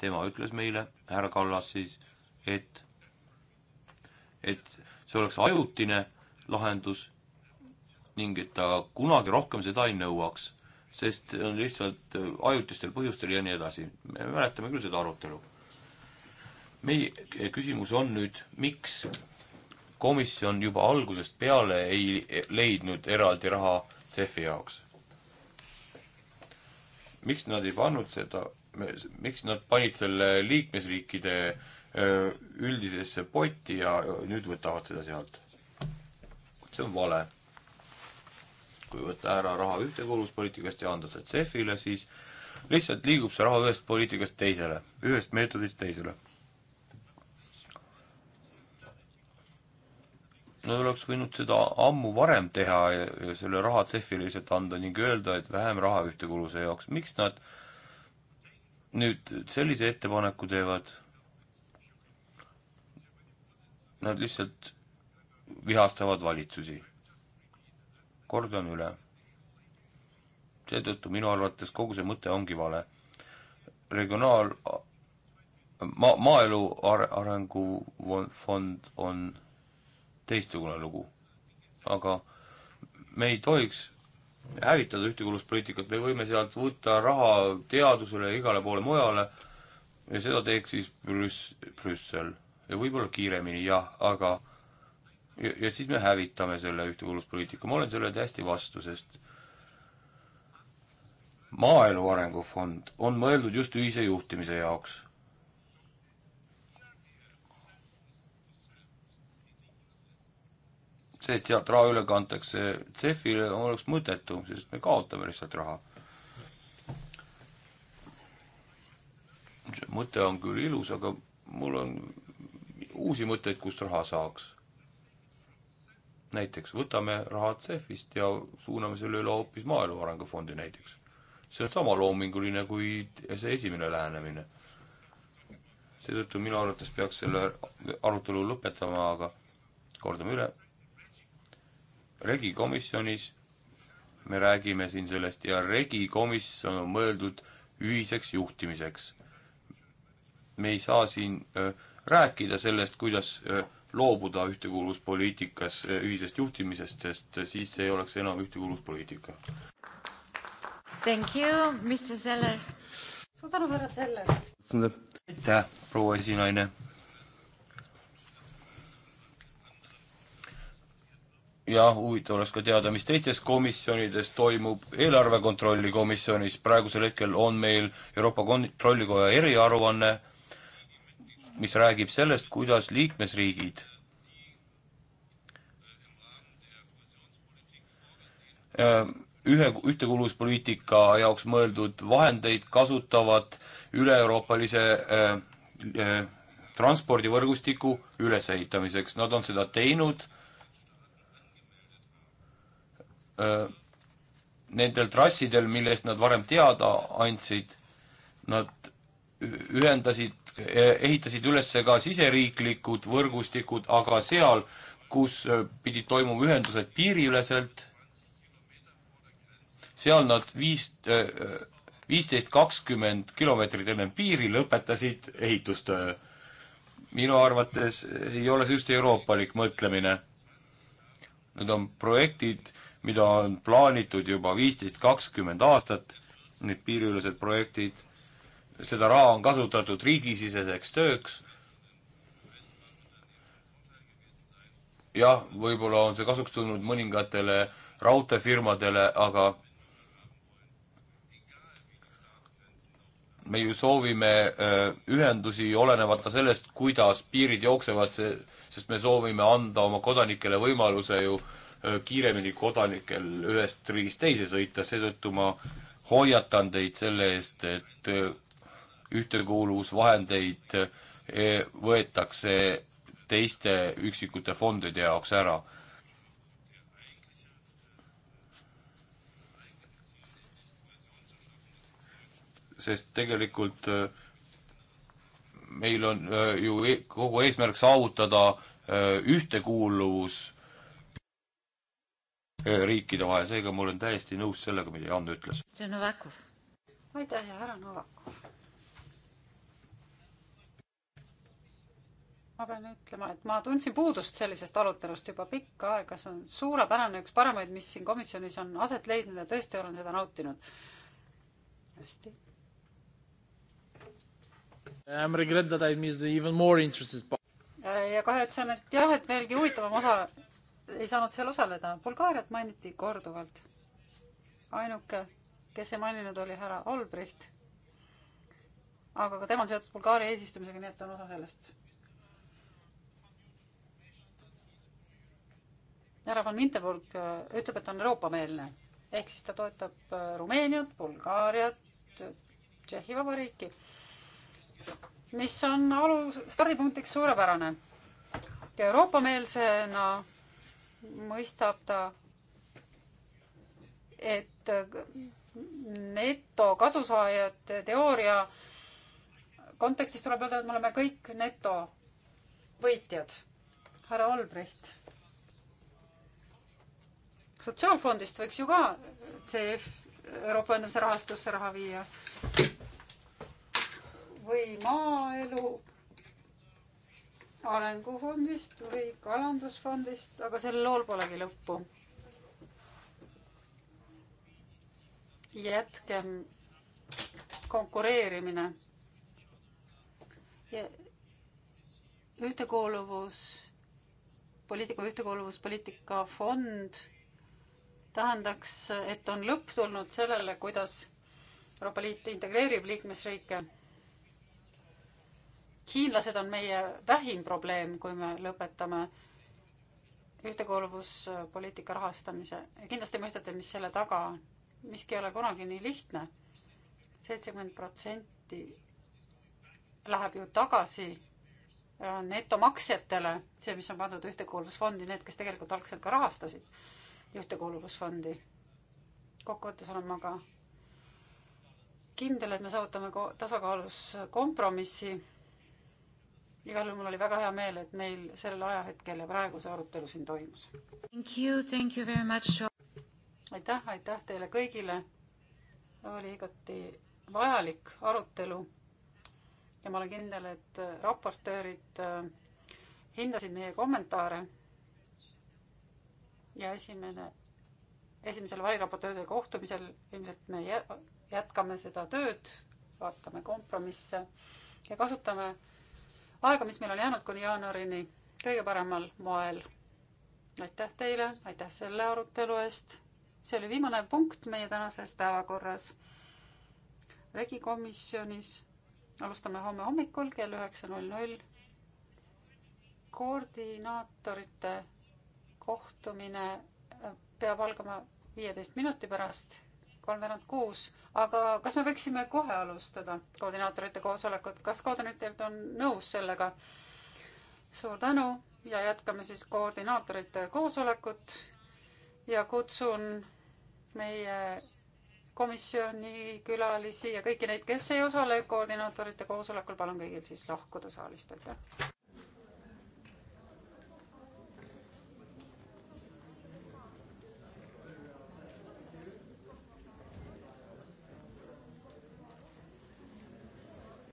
tema ütles meile, härra Kallas siis, et, et see oleks ajutine lahendus ning et ta kunagi rohkem seda ei nõuaks, sest see on lihtsalt ajutistel põhjustel ja nii edasi. me mäletame küll seda arutelu. meie küsimus on nüüd, miks komisjon juba algusest peale ei leidnud eraldi raha CEF-i jaoks? miks nad ei pannud seda, miks nad panid selle liikmesriikide üldisesse potti ja nüüd võtavad seda sealt? see on vale. kui võtta ära raha ühtekuuluvuspoliitikast ja anda see CEF-ile, siis lihtsalt liigub see raha ühest poliitikast teisele, ühest meetodist teisele Nad oleks võinud seda ammu varem teha ja, ja selle raha CEF-ile lihtsalt anda ning öelda, et vähem raha ühtekuluse jaoks. miks nad nüüd sellise ettepaneku teevad? Nad lihtsalt vihastavad valitsusi. kordan üle. seetõttu minu arvates kogu see mõte ongi vale. regionaal- ma-, maaelu are-, arengufond on teistsugune lugu. aga me ei tohiks hävitada ühtekuuluvuspoliitikat, me võime sealt võtta raha teadusele ja igale poole mujale ja seda teeks siis Brüss-, Brüssel. ja võib-olla kiiremini, jah, aga ja, ja siis me hävitame selle ühtekuuluvuspoliitika, ma olen selle täiesti vastu, sest maaelu arengufond on mõeldud just ühise juhtimise jaoks see, et sealt raha üle kantakse CEF-ile, oleks mõttetu, sest me kaotame lihtsalt raha. see mõte on küll ilus, aga mul on uusi mõtteid, kust raha saaks. näiteks võtame rahad CEF-ist ja suuname selle üle hoopis Maaelu Arengufondi näiteks. see on sama loominguline kui see esimene lähenemine. seetõttu minu arvates peaks selle arutelu lõpetama, aga kordame üle, regikomisjonis me räägime siin sellest ja regikomisjon on mõeldud ühiseks juhtimiseks. me ei saa siin öö, äh, rääkida sellest, kuidas öö, äh, loobuda ühtekuuluvuspoliitikas äh, ühisest juhtimisest, sest siis ei oleks enam ühtekuuluvuspoliitika. Thank you, Mr Seller. suur tänu, härra Seller. aitäh, proua esinaine jah, huvitav oleks ka teada, mis teistes komisjonides toimub, eelarve kontrolli komisjonis praegusel hetkel on meil Euroopa Kontrollikoja eriaruanne, mis räägib sellest, kuidas liikmesriigid äh, ühe, ühtekuuluvuspoliitika jaoks mõeldud vahendeid kasutavad üle-euroopalise äh, äh, transpordivõrgustiku ülesehitamiseks, nad on seda teinud äh, Äh, nendel trassidel, millest nad varem teada andsid, nad ühendasid, ehitasid üles ka siseriiklikud võrgustikud, aga seal, kus äh, pidid toimuma ühendused piiriüleselt, seal nad viis, äh, viisteist, kakskümmend kilomeetrit enne piiri lõpetasid ehitustöö. minu arvates ei ole see just euroopalik mõtlemine. Need on projektid, mida on plaanitud juba viisteist, kakskümmend aastat, need piiriülesed projektid, seda raha on kasutatud riigisiseseks tööks, jah, võib-olla on see kasuks tulnud mõningatele raudteefirmadele, aga me ju soovime öö, äh, ühendusi olenemata sellest, kuidas piirid jooksevad, see, sest me soovime anda oma kodanikele võimaluse ju Äh, kiiremini kodanikel ühest riigist teise sõita, seetõttu ma hoiatan teid selle eest, et äh, ühtekuuluvusvahendeid äh, võetakse teiste üksikute fondide jaoks ära. sest tegelikult meil on ju e-, kogu eesmärk saavutada ühtekuuluvus Äh, riikide vahel, seega ma olen täiesti nõus sellega, mida Jan ütles. see on Novakov. aitäh ja härra Novakov. ma pean ütlema, et ma tundsin puudust sellisest arutelust juba pikka aega, see on suurepärane, üks paremaid, mis siin komisjonis on aset leidnud ja tõesti olen seda nautinud. hästi. I am regret that I missed the even more interested part. ja kahetsen, et jah, et veelgi huvitavam osa ei saanud seal osaleda. Bulgaariat mainiti korduvalt. ainuke, kes ei maininud, oli härra Olbricht. aga ka tema on seotud Bulgaaria eesistumisega, nii et ta on osa sellest. härra von Winterburg äh, ütleb, et on Euroopa-meelne ehk siis ta toetab äh, Rumeeniat, Bulgaariat, Tšehhi Vabariiki, mis on alu, stardipunktiks suurepärane. ja Euroopa-meelsena mõistab ta, et netokasusaajate teooria kontekstis tuleb öelda, et me oleme kõik netovõitjad. härra Olbricht. sotsiaalfondist võiks ju ka CF, Euroopa Ühendamise Rahastusse raha viia. või maaelu arengufondist või kalandusfondist, aga sellel lool polegi lõppu. jätkem konkureerimine. ühtekuuluvus, poliitika ühtekuuluvuspoliitika fond tähendaks, et on lõpp tulnud sellele, kuidas Euroopa Liit integreerib liikmesriike hiinlased on meie vähim probleem, kui me lõpetame ühtekuuluvuspoliitika rahastamise. kindlasti mõistate, mis selle taga on. miski ei ole kunagi nii lihtne. seitsekümmend protsenti läheb ju tagasi äh, netomaksjatele, see, mis on pandud ühtekuuluvusfondi, need, kes tegelikult algselt ka rahastasid ühtekuuluvusfondi. kokkuvõttes olen ma ka kindel, et me saavutame tasakaalus kompromissi igal juhul mul oli väga hea meel, et meil sellel ajahetkel ja praegu see arutelu siin toimus. aitäh, aitäh teile kõigile. oli igati vajalik arutelu. ja ma olen kindel, et raportöörid äh, hindasid meie kommentaare. ja esimene, esimesel variraportööride kohtumisel ilmselt me jätkame seda tööd, vaatame kompromisse ja kasutame aega, mis meil on jäänud kuni jaanuarini kõige paremal moel. aitäh teile, aitäh selle arutelu eest. see oli viimane punkt meie tänases päevakorras. regikomisjonis alustame homme hommikul kell üheksa null null. koordinaatorite kohtumine äh, peab algama viieteist minuti pärast kolmveerand kuus, aga kas me võiksime kohe alustada koordinaatorite koosolekut, kas koordinaatorid on nõus sellega? suur tänu ja jätkame siis koordinaatorite koosolekut ja kutsun meie komisjoni külalisi ja kõiki neid, kes ei osale koordinaatorite koosolekul, palun kõigil siis lahkuda saalist, aitäh.